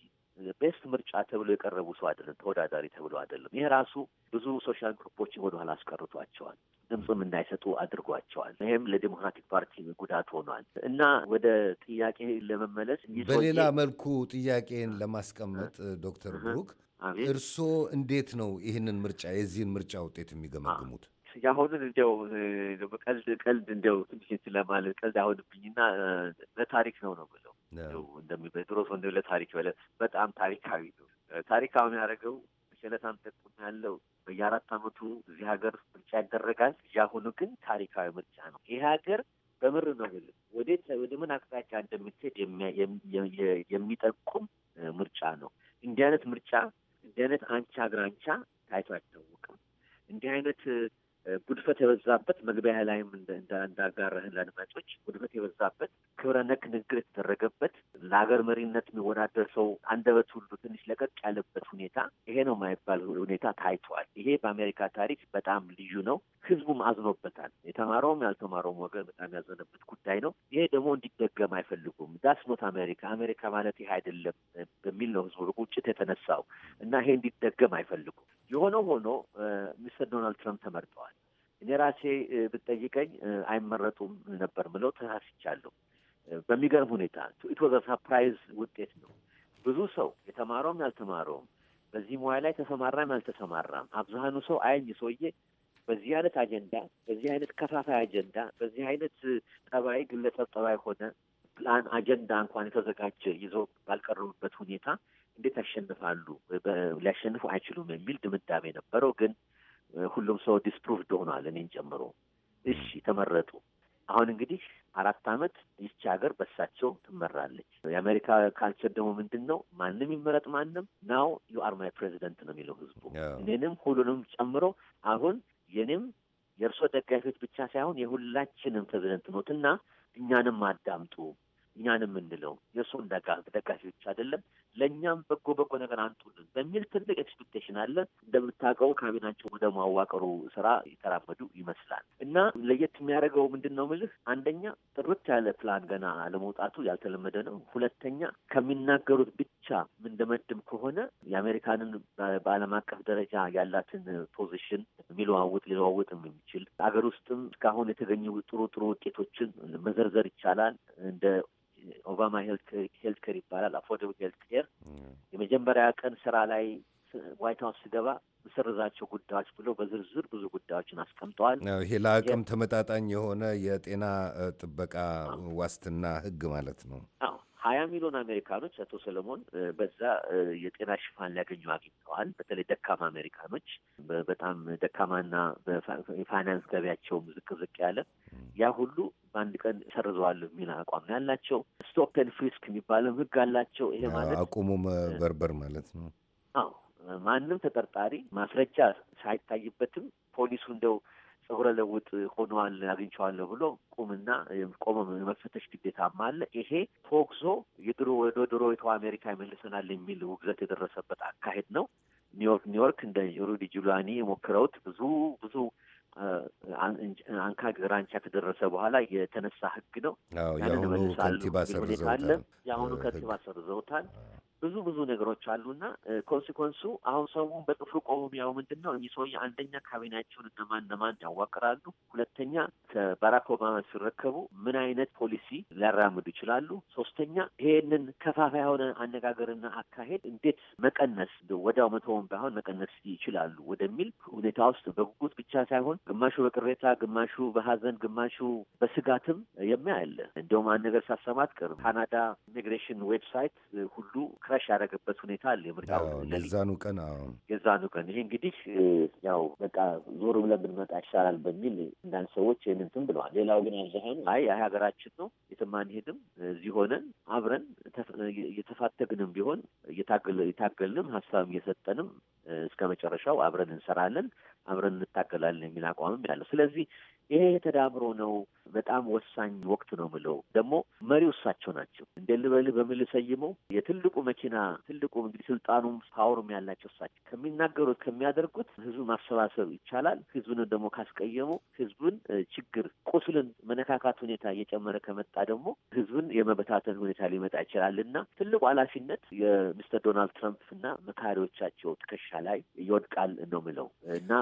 ቤስት ምርጫ ተብሎ የቀረቡ ሰው አይደለም፣ ተወዳዳሪ ተብሎ አይደለም። ይሄ ራሱ ብዙ ሶሻል ግሩፖችን ወደኋላ አስቀርቷቸዋል፣ ድምፅም እንዳይሰጡ አድርጓቸዋል። ይሄም ለዲሞክራቲክ ፓርቲ ጉዳት ሆኗል እና ወደ ጥያቄ ለመመለስ በሌላ መልኩ ጥያቄን ለማስቀመጥ ዶክተር ብሩክ እርስዎ እንዴት ነው ይህንን ምርጫ የዚህን ምርጫ ውጤት የሚገመግሙት? አሁንን እንደው ቀልድ ቀልድ እንደው ትንሽ ስለማለት ቀልድ አይሆንብኝና ለታሪክ ነው ነው ድሮ ሰው እንደሚለ ታሪክ በለ በጣም ታሪካዊ ነው። ታሪካዊ የሚያደርገው ሸለት አንጠቁም ያለው በየአራት አመቱ እዚህ ሀገር ምርጫ ያደረጋል። ያሁኑ ግን ታሪካዊ ምርጫ ነው። ይህ ሀገር በምር ነው ብል ወዴት ወደ ምን አቅጣጫ እንደምትሄድ የሚጠቁም ምርጫ ነው። እንዲህ አይነት ምርጫ እንዲህ አይነት አንቻ ግራንቻ ታይቶ አይታወቅም። እንዲህ አይነት ጉድፈት የበዛበት መግቢያ ላይም እንዳጋረህ ለአድማጮች ጉድፈት የበዛበት ክብረ ነክ ንግግር የተደረገበት ለሀገር መሪነት የሚወዳደር ሰው አንደበት ሁሉ ትንሽ ለቀቅ ያለበት ሁኔታ ይሄ ነው የማይባል ሁኔታ ታይቷል። ይሄ በአሜሪካ ታሪክ በጣም ልዩ ነው። ህዝቡም አዝኖበታል። የተማረውም ያልተማረውም ወገን በጣም ያዘነበት ጉዳይ ነው። ይሄ ደግሞ እንዲደገም አይፈልጉም። ዳስኖት አሜሪካ አሜሪካ ማለት ይሄ አይደለም በሚል ነው ህዝቡ ቁጭት የተነሳው እና ይሄ እንዲደገም አይፈልጉም። የሆነ ሆኖ ሚስተር ዶናልድ ትራምፕ ተመርጠዋል። እኔ ራሴ ብጠይቀኝ አይመረጡም ነበር ብለው ተሳስቻለሁ። በሚገርም ሁኔታ ኢት ሰፕራይዝ ሰርፕራይዝ ውጤት ነው። ብዙ ሰው የተማረውም ያልተማረውም በዚህ ሙያ ላይ ተሰማራም ያልተሰማራም አብዛኑ ሰው አይኝ ሰውዬ በዚህ አይነት አጀንዳ በዚህ አይነት ከፋፋይ አጀንዳ በዚህ አይነት ጠባይ ግለሰብ ጠባይ ሆነ ፕላን አጀንዳ እንኳን የተዘጋጀ ይዞ ባልቀረቡበት ሁኔታ እንዴት ያሸንፋሉ? ሊያሸንፉ አይችሉም የሚል ድምዳሜ ነበረው። ግን ሁሉም ሰው ዲስፕሩቭድ ሆኗል፣ እኔን ጨምሮ። እሺ ተመረጡ። አሁን እንግዲህ አራት ዓመት ይቺ ሀገር በሳቸው ትመራለች። የአሜሪካ ካልቸር ደግሞ ምንድን ነው? ማንም ይመረጥ ማንም፣ ናው ዩ አር ማይ ፕሬዚደንት ነው የሚለው ህዝቡ፣ እኔንም ሁሉንም ጨምሮ። አሁን የኔም የእርሶ ደጋፊዎች ብቻ ሳይሆን የሁላችንም ፕሬዚደንት ኖትና እኛንም አዳምጡ፣ እኛንም እንለው የእርሶን ደጋፊዎች አይደለም ለእኛም በጎ በጎ ነገር አንጡልን በሚል ትልቅ ኤክስፔክቴሽን አለ። እንደምታውቀው ካቢናቸው ወደ ማዋቀሩ ስራ የተራመዱ ይመስላል እና ለየት የሚያደርገው ምንድን ነው ምልህ አንደኛ ጥርት ያለ ፕላን ገና ለመውጣቱ ያልተለመደ ነው። ሁለተኛ ከሚናገሩት ብቻ ምንደመድም ከሆነ የአሜሪካንን በዓለም አቀፍ ደረጃ ያላትን ፖዚሽን የሚለዋውጥ ሊለዋውጥም የሚችል አገር ውስጥም እስካሁን የተገኙ ጥሩ ጥሩ ውጤቶችን መዘርዘር ይቻላል እንደ ኦባማ ሄልት ኬር ይባላል። አፎርደብል ሄልት ኬር የመጀመሪያ ቀን ስራ ላይ ዋይት ሀውስ ስገባ ምሰርዛቸው ጉዳዮች ብሎ በዝርዝር ብዙ ጉዳዮችን አስቀምጠዋል። ይሄ ለአቅም ተመጣጣኝ የሆነ የጤና ጥበቃ ዋስትና ህግ ማለት ነው። አዎ ሀያ ሚሊዮን አሜሪካኖች አቶ ሰለሞን በዛ የጤና ሽፋን ሊያገኙ አግኝተዋል። በተለይ ደካማ አሜሪካኖች በጣም ደካማና የፋይናንስ ገቢያቸውም ዝቅዝቅ ያለ ያ ሁሉ በአንድ ቀን ሰርዘዋል የሚል አቋም ነው ያላቸው። ስቶፕ ኤንድ ፍሪስክ የሚባለው ህግ አላቸው። ይሄ ማለት አቁሙ መበርበር ማለት ነው። አዎ ማንም ተጠርጣሪ ማስረጃ ሳይታይበትም ፖሊሱ እንደው ጸጉረ ለውጥ ሆነዋል አግኝቸዋለሁ ብሎ ቁምና ቆመ መፈተሽ ግዴታም አለ። ይሄ ፎክዞ የድሮ ወደ ድሮ የተዋ አሜሪካ ይመልሰናል የሚል ውግዘት የደረሰበት አካሄድ ነው። ኒውዮርክ ኒውዮርክ እንደ ሩዲ ጁላኒ የሞክረውት ብዙ ብዙ አንካ ግራንቻ ከደረሰ በኋላ የተነሳ ህግ ነው። ያንን እመልሳለሁ ሁኔታ አለ። የአሁኑ ከንቲባ ሰርዘውታል። ብዙ ብዙ ነገሮች አሉና ኮንሲኮንሱ አሁን ሰው በጥፍሩ ቆሞ ቢያው ምንድን ነው እኚህ ሰውዬ አንደኛ ካቢናቸውን እነማን እነማን ያዋቅራሉ፣ ሁለተኛ ከባራክ ኦባማ ሲረከቡ ምን አይነት ፖሊሲ ሊያራምዱ ይችላሉ፣ ሶስተኛ ይሄንን ከፋፋ የሆነ አነጋገርና አካሄድ እንዴት መቀነስ ወዲያው መቶውን ባይሆን መቀነስ ይችላሉ ወደሚል ሁኔታ ውስጥ በጉጉት ብቻ ሳይሆን ግማሹ በቅሬታ ግማሹ በሀዘን ግማሹ በስጋትም የሚያያለ እንደውም አንድ ነገር ሳሰማት ቅርብ ካናዳ ኢሚግሬሽን ዌብሳይት ሁሉ ክራሽ ያደረገበት ሁኔታ አለ። የዛኑ ቀን የዛኑ ቀን ይሄ እንግዲህ ያው በቃ ዞር ብለን ብንመጣ ይሻላል በሚል አንዳንድ ሰዎች ይህንን እንትን ብለዋል። ሌላው ግን አብዛሃኑ አይ ሀገራችን ነው የትም አንሄድም፣ እዚህ ሆነን አብረን እየተፋተግንም ቢሆን የታገልንም ሀሳብ እየሰጠንም እስከ መጨረሻው አብረን እንሰራለን፣ አብረን እንታገላለን የሚል አቋምም ያለው ስለዚህ ይሄ የተዳምሮ ነው። በጣም ወሳኝ ወቅት ነው ምለው ደግሞ መሪው እሳቸው ናቸው። እንደ ልበልህ በምል ሰይመው የትልቁ መኪና ትልቁ እንግዲህ ስልጣኑም ፓወሩም ያላቸው እሳቸው ከሚናገሩት ከሚያደርጉት ህዝቡን ማሰባሰብ ይቻላል። ህዝቡን ደግሞ ካስቀየሙ ህዝቡን ችግር ቁስልን መነካካት ሁኔታ እየጨመረ ከመጣ ደግሞ ህዝቡን የመበታተን ሁኔታ ሊመጣ ይችላል እና ትልቁ ኃላፊነት የሚስተር ዶናልድ ትራምፕ እና መካሪዎቻቸው ትከሻ ላይ ይወድቃል ነው ምለው እና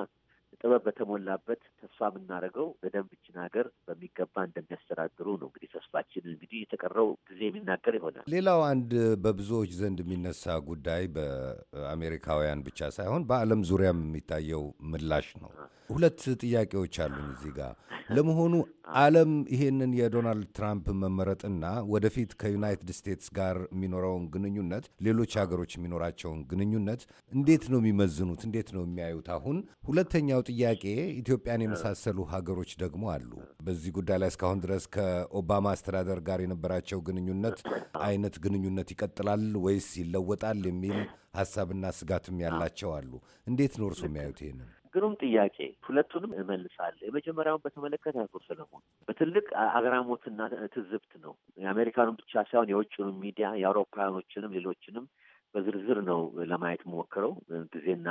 ጥበብ በተሞላበት ተስፋ የምናደርገው በደንብ እችን ሀገር በሚገባ እንደሚያስተዳድሩ ነው። እንግዲህ ተስፋችን እንግዲህ የተቀረው ጊዜ የሚናገር ይሆናል። ሌላው አንድ በብዙዎች ዘንድ የሚነሳ ጉዳይ በአሜሪካውያን ብቻ ሳይሆን በዓለም ዙሪያም የሚታየው ምላሽ ነው። ሁለት ጥያቄዎች አሉኝ እዚህ ጋር ለመሆኑ ዓለም ይሄንን የዶናልድ ትራምፕ መመረጥና ወደፊት ከዩናይትድ ስቴትስ ጋር የሚኖረውን ግንኙነት፣ ሌሎች ሀገሮች የሚኖራቸውን ግንኙነት እንዴት ነው የሚመዝኑት? እንዴት ነው የሚያዩት? አሁን ሁለተኛው ጥያቄ ኢትዮጵያን የመሳሰሉ ሀገሮች ደግሞ አሉ። በዚህ ጉዳይ ላይ እስካሁን ድረስ ከኦባማ አስተዳደር ጋር የነበራቸው ግንኙነት አይነት ግንኙነት ይቀጥላል ወይስ ይለወጣል የሚል ሀሳብና ስጋትም ያላቸው አሉ። እንዴት ነው እርሱ የሚያዩት ይሄንን? ግሩም ጥያቄ። ሁለቱንም እመልሳለሁ። የመጀመሪያውን በተመለከተ አቶ ሰለሞን በትልቅ አግራሞትና ትዝብት ነው የአሜሪካኑን ብቻ ሳይሆን የውጭውንም ሚዲያ የአውሮፓውያኖችንም ሌሎችንም በዝርዝር ነው ለማየት ሞክረው ጊዜና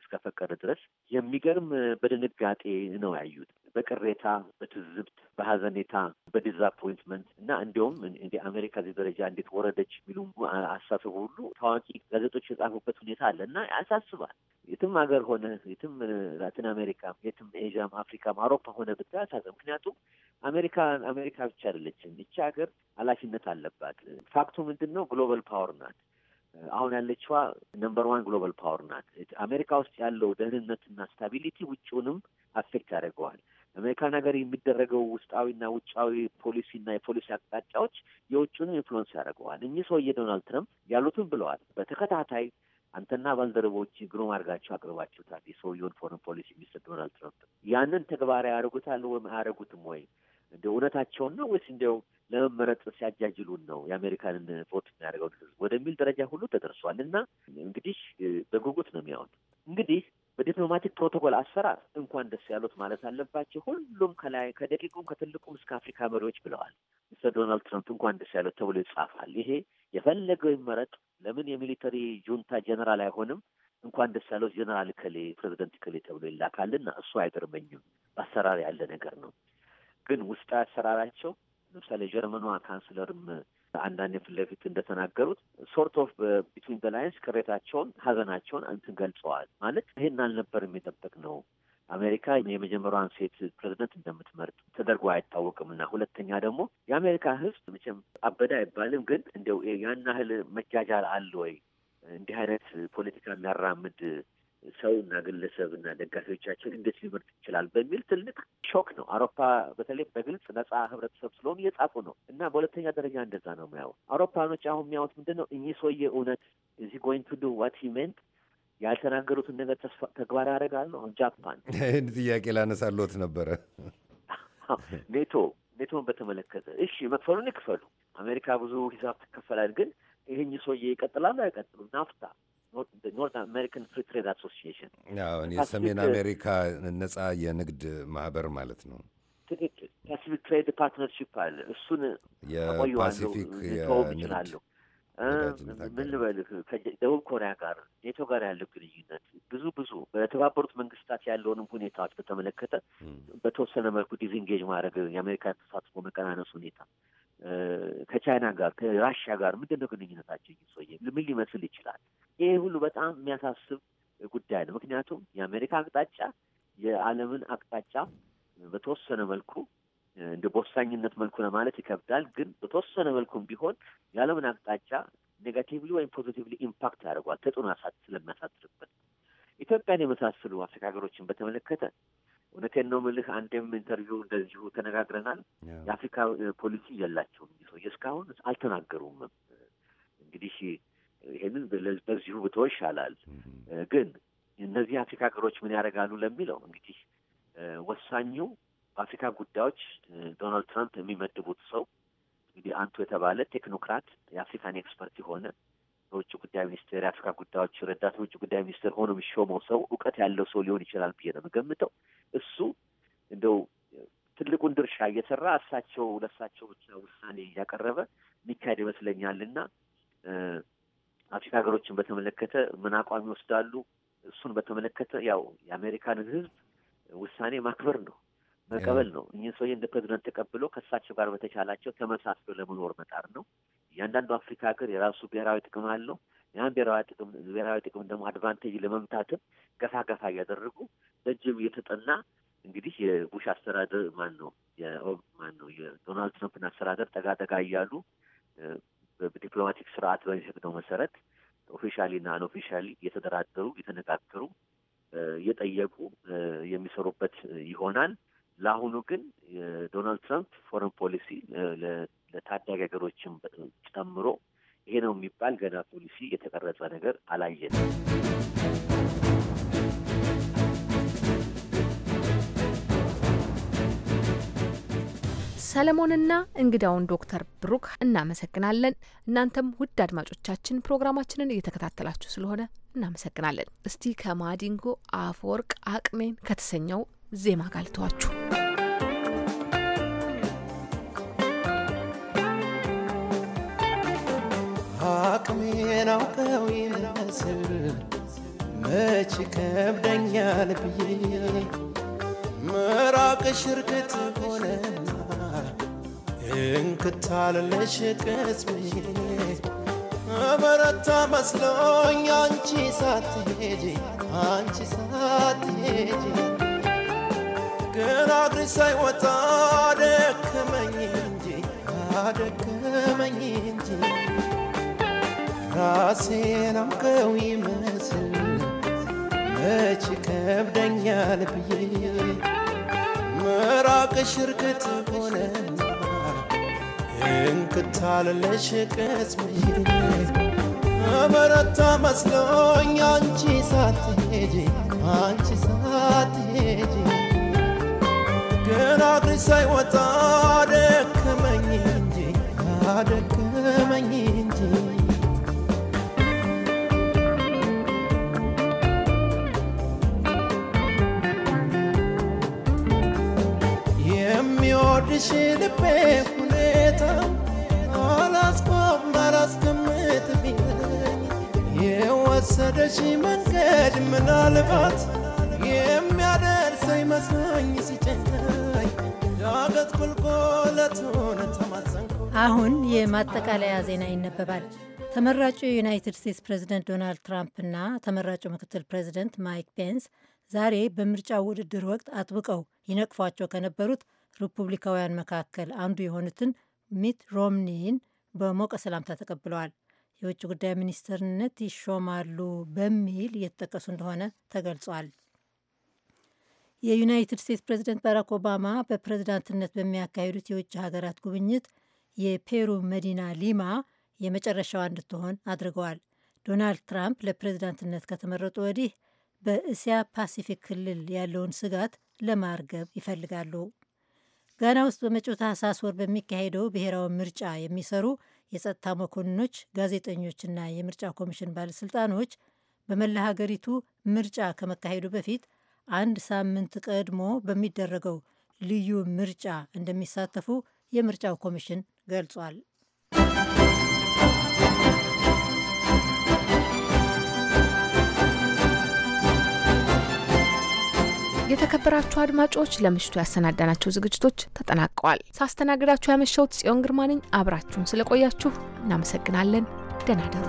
እስከፈቀደ ድረስ የሚገርም በድንጋጤ ነው ያዩት። በቅሬታ፣ በትዝብት፣ በሀዘኔታ፣ በዲዛፖይንትመንት እና እንዲሁም እንዲ አሜሪካ እዚህ ደረጃ እንዴት ወረደች የሚሉ አሳሰቡ ሁሉ ታዋቂ ጋዜጦች የጻፉበት ሁኔታ አለ እና ያሳስባል። የትም ሀገር ሆነ የትም ላቲን አሜሪካ፣ የትም ኤዥያም፣ አፍሪካም፣ አውሮፓ ሆነ ብታይ ያሳዘ ምክንያቱም አሜሪካ አሜሪካ ብቻ አይደለችም። ይቺ ሀገር ኃላፊነት አለባት። ፋክቱ ምንድን ነው? ግሎባል ፓወር ናት። አሁን ያለችዋ ነምበር ዋን ግሎባል ፓወር ናት። አሜሪካ ውስጥ ያለው ደህንነትና ስታቢሊቲ ውጭውንም አፌክት ያደርገዋል። አሜሪካ ነገር የሚደረገው ውስጣዊና ውጫዊ ፖሊሲና የፖሊሲ አቅጣጫዎች የውጭውንም ኢንፍሉወንስ ያደርገዋል። እኚህ ሰውዬ ዶናልድ ትረምፕ ያሉትን ብለዋል። በተከታታይ አንተና ባልደረቦች ግሩም አድርጋችሁ አቅርባችሁታል። የሰውየውን ፎረን ፖሊሲ ሚኒስትር ዶናልድ ትረምፕ ያንን ተግባራዊ ያደርጉታል ወይም አያደርጉትም ወይ? እንደ እውነታቸውን ነው ወይስ እንዲያው ለመመረጥ ሲያጃጅሉን ነው የአሜሪካንን ቮት የሚያደርገው ህዝብ ወደሚል ደረጃ ሁሉ ተደርሷል። እና እንግዲህ በጉጉት ነው የሚያዩት። እንግዲህ በዲፕሎማቲክ ፕሮቶኮል አሰራር እንኳን ደስ ያሉት ማለት አለባቸው። ሁሉም ከላይ ከደቂቁም ከትልቁም እስከ አፍሪካ መሪዎች ብለዋል። ሚስተር ዶናልድ ትራምፕ እንኳን ደስ ያሉት ተብሎ ይጻፋል። ይሄ የፈለገው ይመረጥ፣ ለምን የሚሊተሪ ጁንታ ጀነራል አይሆንም? እንኳን ደስ ያለው ጀነራል ከሌ ፕሬዚደንት ከሌ ተብሎ ይላካልና እሱ አይገርመኝም። በአሰራር ያለ ነገር ነው። ግን ውስጣዊ አሰራራቸው ለምሳሌ ጀርመኗ ካንስለርም አንዳንድ ፊት ለፊት እንደተናገሩት ሶርት ኦፍ ቢትዊን ዘ ላይንስ ቅሬታቸውን፣ ሀዘናቸውን እንትን ገልጸዋል። ማለት ይሄን አልነበርም የጠበቅ ነው አሜሪካ የመጀመሪያዋን ሴት ፕሬዝደንት እንደምትመርጥ ተደርጎ አይታወቅም እና ሁለተኛ ደግሞ የአሜሪካ ሕዝብ መቼም አበደ አይባልም፣ ግን እንደው ያን ያህል መጃጃል አለ ወይ እንዲህ አይነት ፖለቲካ የሚያራምድ ሰውና ግለሰብና ደጋፊዎቻችን እንዴት ሊመርጥ ይችላል በሚል ትልቅ ሾክ ነው። አውሮፓ በተለይ በግልጽ ነጻ ህብረተሰብ ስለሆኑ እየጻፉ ነው እና በሁለተኛ ደረጃ እንደዛ ነው የሚያው አውሮፓኖች አሁን የሚያዩት ምንድን ነው? እኚህ ሰውዬ እውነት እዚህ ጎይንግ ቱ ዱ ዋት ሂ ሜንት ያልተናገሩትን ነገር ተግባር ነው። አሁን ጃፓን [LAUGHS] ይህን ጥያቄ ላነሳሎት ነበረ። ኔቶ ኔቶን በተመለከተ እሺ መክፈሉን ይክፈሉ። አሜሪካ ብዙ ሂሳብ ትከፈላል። ግን ይህኝ ሰውዬ ይቀጥላሉ አይቀጥሉም? ናፍታ the North American Free Trade Association የሰሜን uh, አሜሪካ ነጻ የንግድ ማህበር ማለት ነው። ትክክል። ፓሲፊክ ትሬድ ፓርትነርሽፕ አለ። እሱን የፓሲፊክ ይችላለሁ። ምን ልበልህ፣ ከደቡብ ኮሪያ ጋር ኔቶ ጋር ያለው ግንኙነት ብዙ ብዙ በተባበሩት መንግስታት ያለውንም ሁኔታዎች በተመለከተ በተወሰነ መልኩ ዲዝንጌጅ ማድረግ የአሜሪካ ተሳትፎ መቀናነስ ሁኔታ ከቻይና ጋር ከራሽያ ጋር ምንድን ነው ግንኙነታቸው እየሰየ ምን ሊመስል ይችላል? ይሄ ሁሉ በጣም የሚያሳስብ ጉዳይ ነው። ምክንያቱም የአሜሪካ አቅጣጫ የዓለምን አቅጣጫ በተወሰነ መልኩ እንደ በወሳኝነት መልኩ ለማለት ይከብዳል፣ ግን በተወሰነ መልኩም ቢሆን የዓለምን አቅጣጫ ኔጋቲቭሊ ወይም ፖዚቲቭሊ ኢምፓክት ያደርጓል ተጽዕኖ ስለሚያሳድርበት ኢትዮጵያን የመሳሰሉ አፍሪካ ሀገሮችን በተመለከተ እውነቴን ነው ምልህ አንዴም ኢንተርቪው እንደዚሁ ተነጋግረናል። የአፍሪካ ፖሊሲ የላቸውም እ ሰውዬ እስካሁን አልተናገሩም። እንግዲህ ይህንን በዚሁ ብቶ ይሻላል። ግን እነዚህ የአፍሪካ ሀገሮች ምን ያደርጋሉ ለሚለው እንግዲህ ወሳኙ በአፍሪካ ጉዳዮች ዶናልድ ትራምፕ የሚመድቡት ሰው እንግዲህ አንቱ የተባለ ቴክኖክራት የአፍሪካን ኤክስፐርት የሆነ በውጭ ጉዳይ ሚኒስቴር የአፍሪካ ጉዳዮች ረዳት በውጭ ጉዳይ ሚኒስቴር ሆኖ የሚሾመው ሰው እውቀት ያለው ሰው ሊሆን ይችላል ብዬ ነው የምገምተው። እሱ እንደው ትልቁን ድርሻ እየሰራ እሳቸው ለእሳቸው ብቻ ውሳኔ እያቀረበ የሚካሄድ ይመስለኛል እና አፍሪካ ሀገሮችን በተመለከተ ምን አቋም ይወስዳሉ? እሱን በተመለከተ ያው የአሜሪካንን ህዝብ ውሳኔ ማክበር ነው መቀበል ነው። እኚህ ሰውዬ እንደ ፕሬዚደንት ተቀብሎ ከእሳቸው ጋር በተቻላቸው ተመሳስሎ ለመኖር መጣር ነው። እያንዳንዱ አፍሪካ ሀገር የራሱ ብሔራዊ ጥቅም አለው። ያን ብሔራዊ ጥቅም ብሔራዊ ጥቅም ደግሞ አድቫንቴጅ ለመምታትም ገፋ ገፋ እያደረጉ በእጅም የተጠና እንግዲህ የቡሽ አስተዳደር ማን ነው ማን ነው የዶናልድ ትራምፕን አስተዳደር ጠጋጠጋ እያሉ በዲፕሎማቲክ ስርዓት በሚፈቅደው መሰረት ኦፊሻሊ ና አንኦፊሻሊ የተደራደሩ የተነጋገሩ እየጠየቁ የሚሰሩበት ይሆናል። ለአሁኑ ግን የዶናልድ ትራምፕ ፎረን ፖሊሲ ለታዳጊ ሀገሮችም ጨምሮ ይሄ ነው የሚባል ገና ፖሊሲ የተቀረጸ ነገር አላየንም። ሰለሞንና እንግዳውን ዶክተር ብሩክ እናመሰግናለን። እናንተም ውድ አድማጮቻችን ፕሮግራማችንን እየተከታተላችሁ ስለሆነ እናመሰግናለን። እስቲ ከማዲንጎ አፈወርቅ አቅሜን ከተሰኘው ዜማ ጋር ልተዋችሁ። አቅሜን አውቀው ይመስል መች ከብደኛል ብዬ ምራቅ ሽርክት ሆነ እንክታልልሽ ቅስሜ በረታ መስሎኝ አንቺ ሳትሄጂ አንቺ ሳትሄጂ ግን አግሪ ሳይወጣ አደከመኝ እንጂ አደከመኝ እንጂ ራሴን አምከው ይመስል መች ከብደኛል ብዬ ምራቅሽ እርግጥ እንክታለለሽ ቅጽሜ በረታ መስሎኝ አንቺ ሳትሄጂ አንቺ ሳትሄጂ ግን አግሪ ሳይወጣ ደከመኝ እንጂ ደከመኝ እንጂ የሚወድሽ ልቤ በወሰደሽ መንገድ ምናልባት የሚያደርሰኝ መስሎኝ ሲጨናኝ ዳገት ቁልቁለቱን ተማጸንኩ። አሁን የማጠቃለያ ዜና ይነበባል። ተመራጩ የዩናይትድ ስቴትስ ፕሬዚደንት ዶናልድ ትራምፕና ተመራጩ ምክትል ፕሬዚደንት ማይክ ፔንስ ዛሬ በምርጫ ውድድር ወቅት አጥብቀው ይነቅፏቸው ከነበሩት ሪፑብሊካውያን መካከል አንዱ የሆኑትን ሚት ሮምኒን በሞቀ ሰላምታ ተቀብለዋል። የውጭ ጉዳይ ሚኒስትርነት ይሾማሉ በሚል እየተጠቀሱ እንደሆነ ተገልጿል። የዩናይትድ ስቴትስ ፕሬዚደንት ባራክ ኦባማ በፕሬዚዳንትነት በሚያካሂዱት የውጭ ሀገራት ጉብኝት የፔሩ መዲና ሊማ የመጨረሻዋ እንድትሆን አድርገዋል። ዶናልድ ትራምፕ ለፕሬዚዳንትነት ከተመረጡ ወዲህ በእስያ ፓሲፊክ ክልል ያለውን ስጋት ለማርገብ ይፈልጋሉ። ጋና ውስጥ በመጪው ታህሳስ ወር በሚካሄደው ብሔራዊ ምርጫ የሚሰሩ የጸጥታ መኮንኖች፣ ጋዜጠኞችና የምርጫ ኮሚሽን ባለስልጣኖች በመላ ሀገሪቱ ምርጫ ከመካሄዱ በፊት አንድ ሳምንት ቀድሞ በሚደረገው ልዩ ምርጫ እንደሚሳተፉ የምርጫው ኮሚሽን ገልጿል። የተከበራችሁ አድማጮች ለምሽቱ ያሰናዳናቸው ዝግጅቶች ተጠናቀዋል። ሳስተናግዳችሁ ያመሸሁት ጽዮን ግርማ ነኝ። አብራችሁን ስለቆያችሁ እናመሰግናለን። ደህና ደሩ።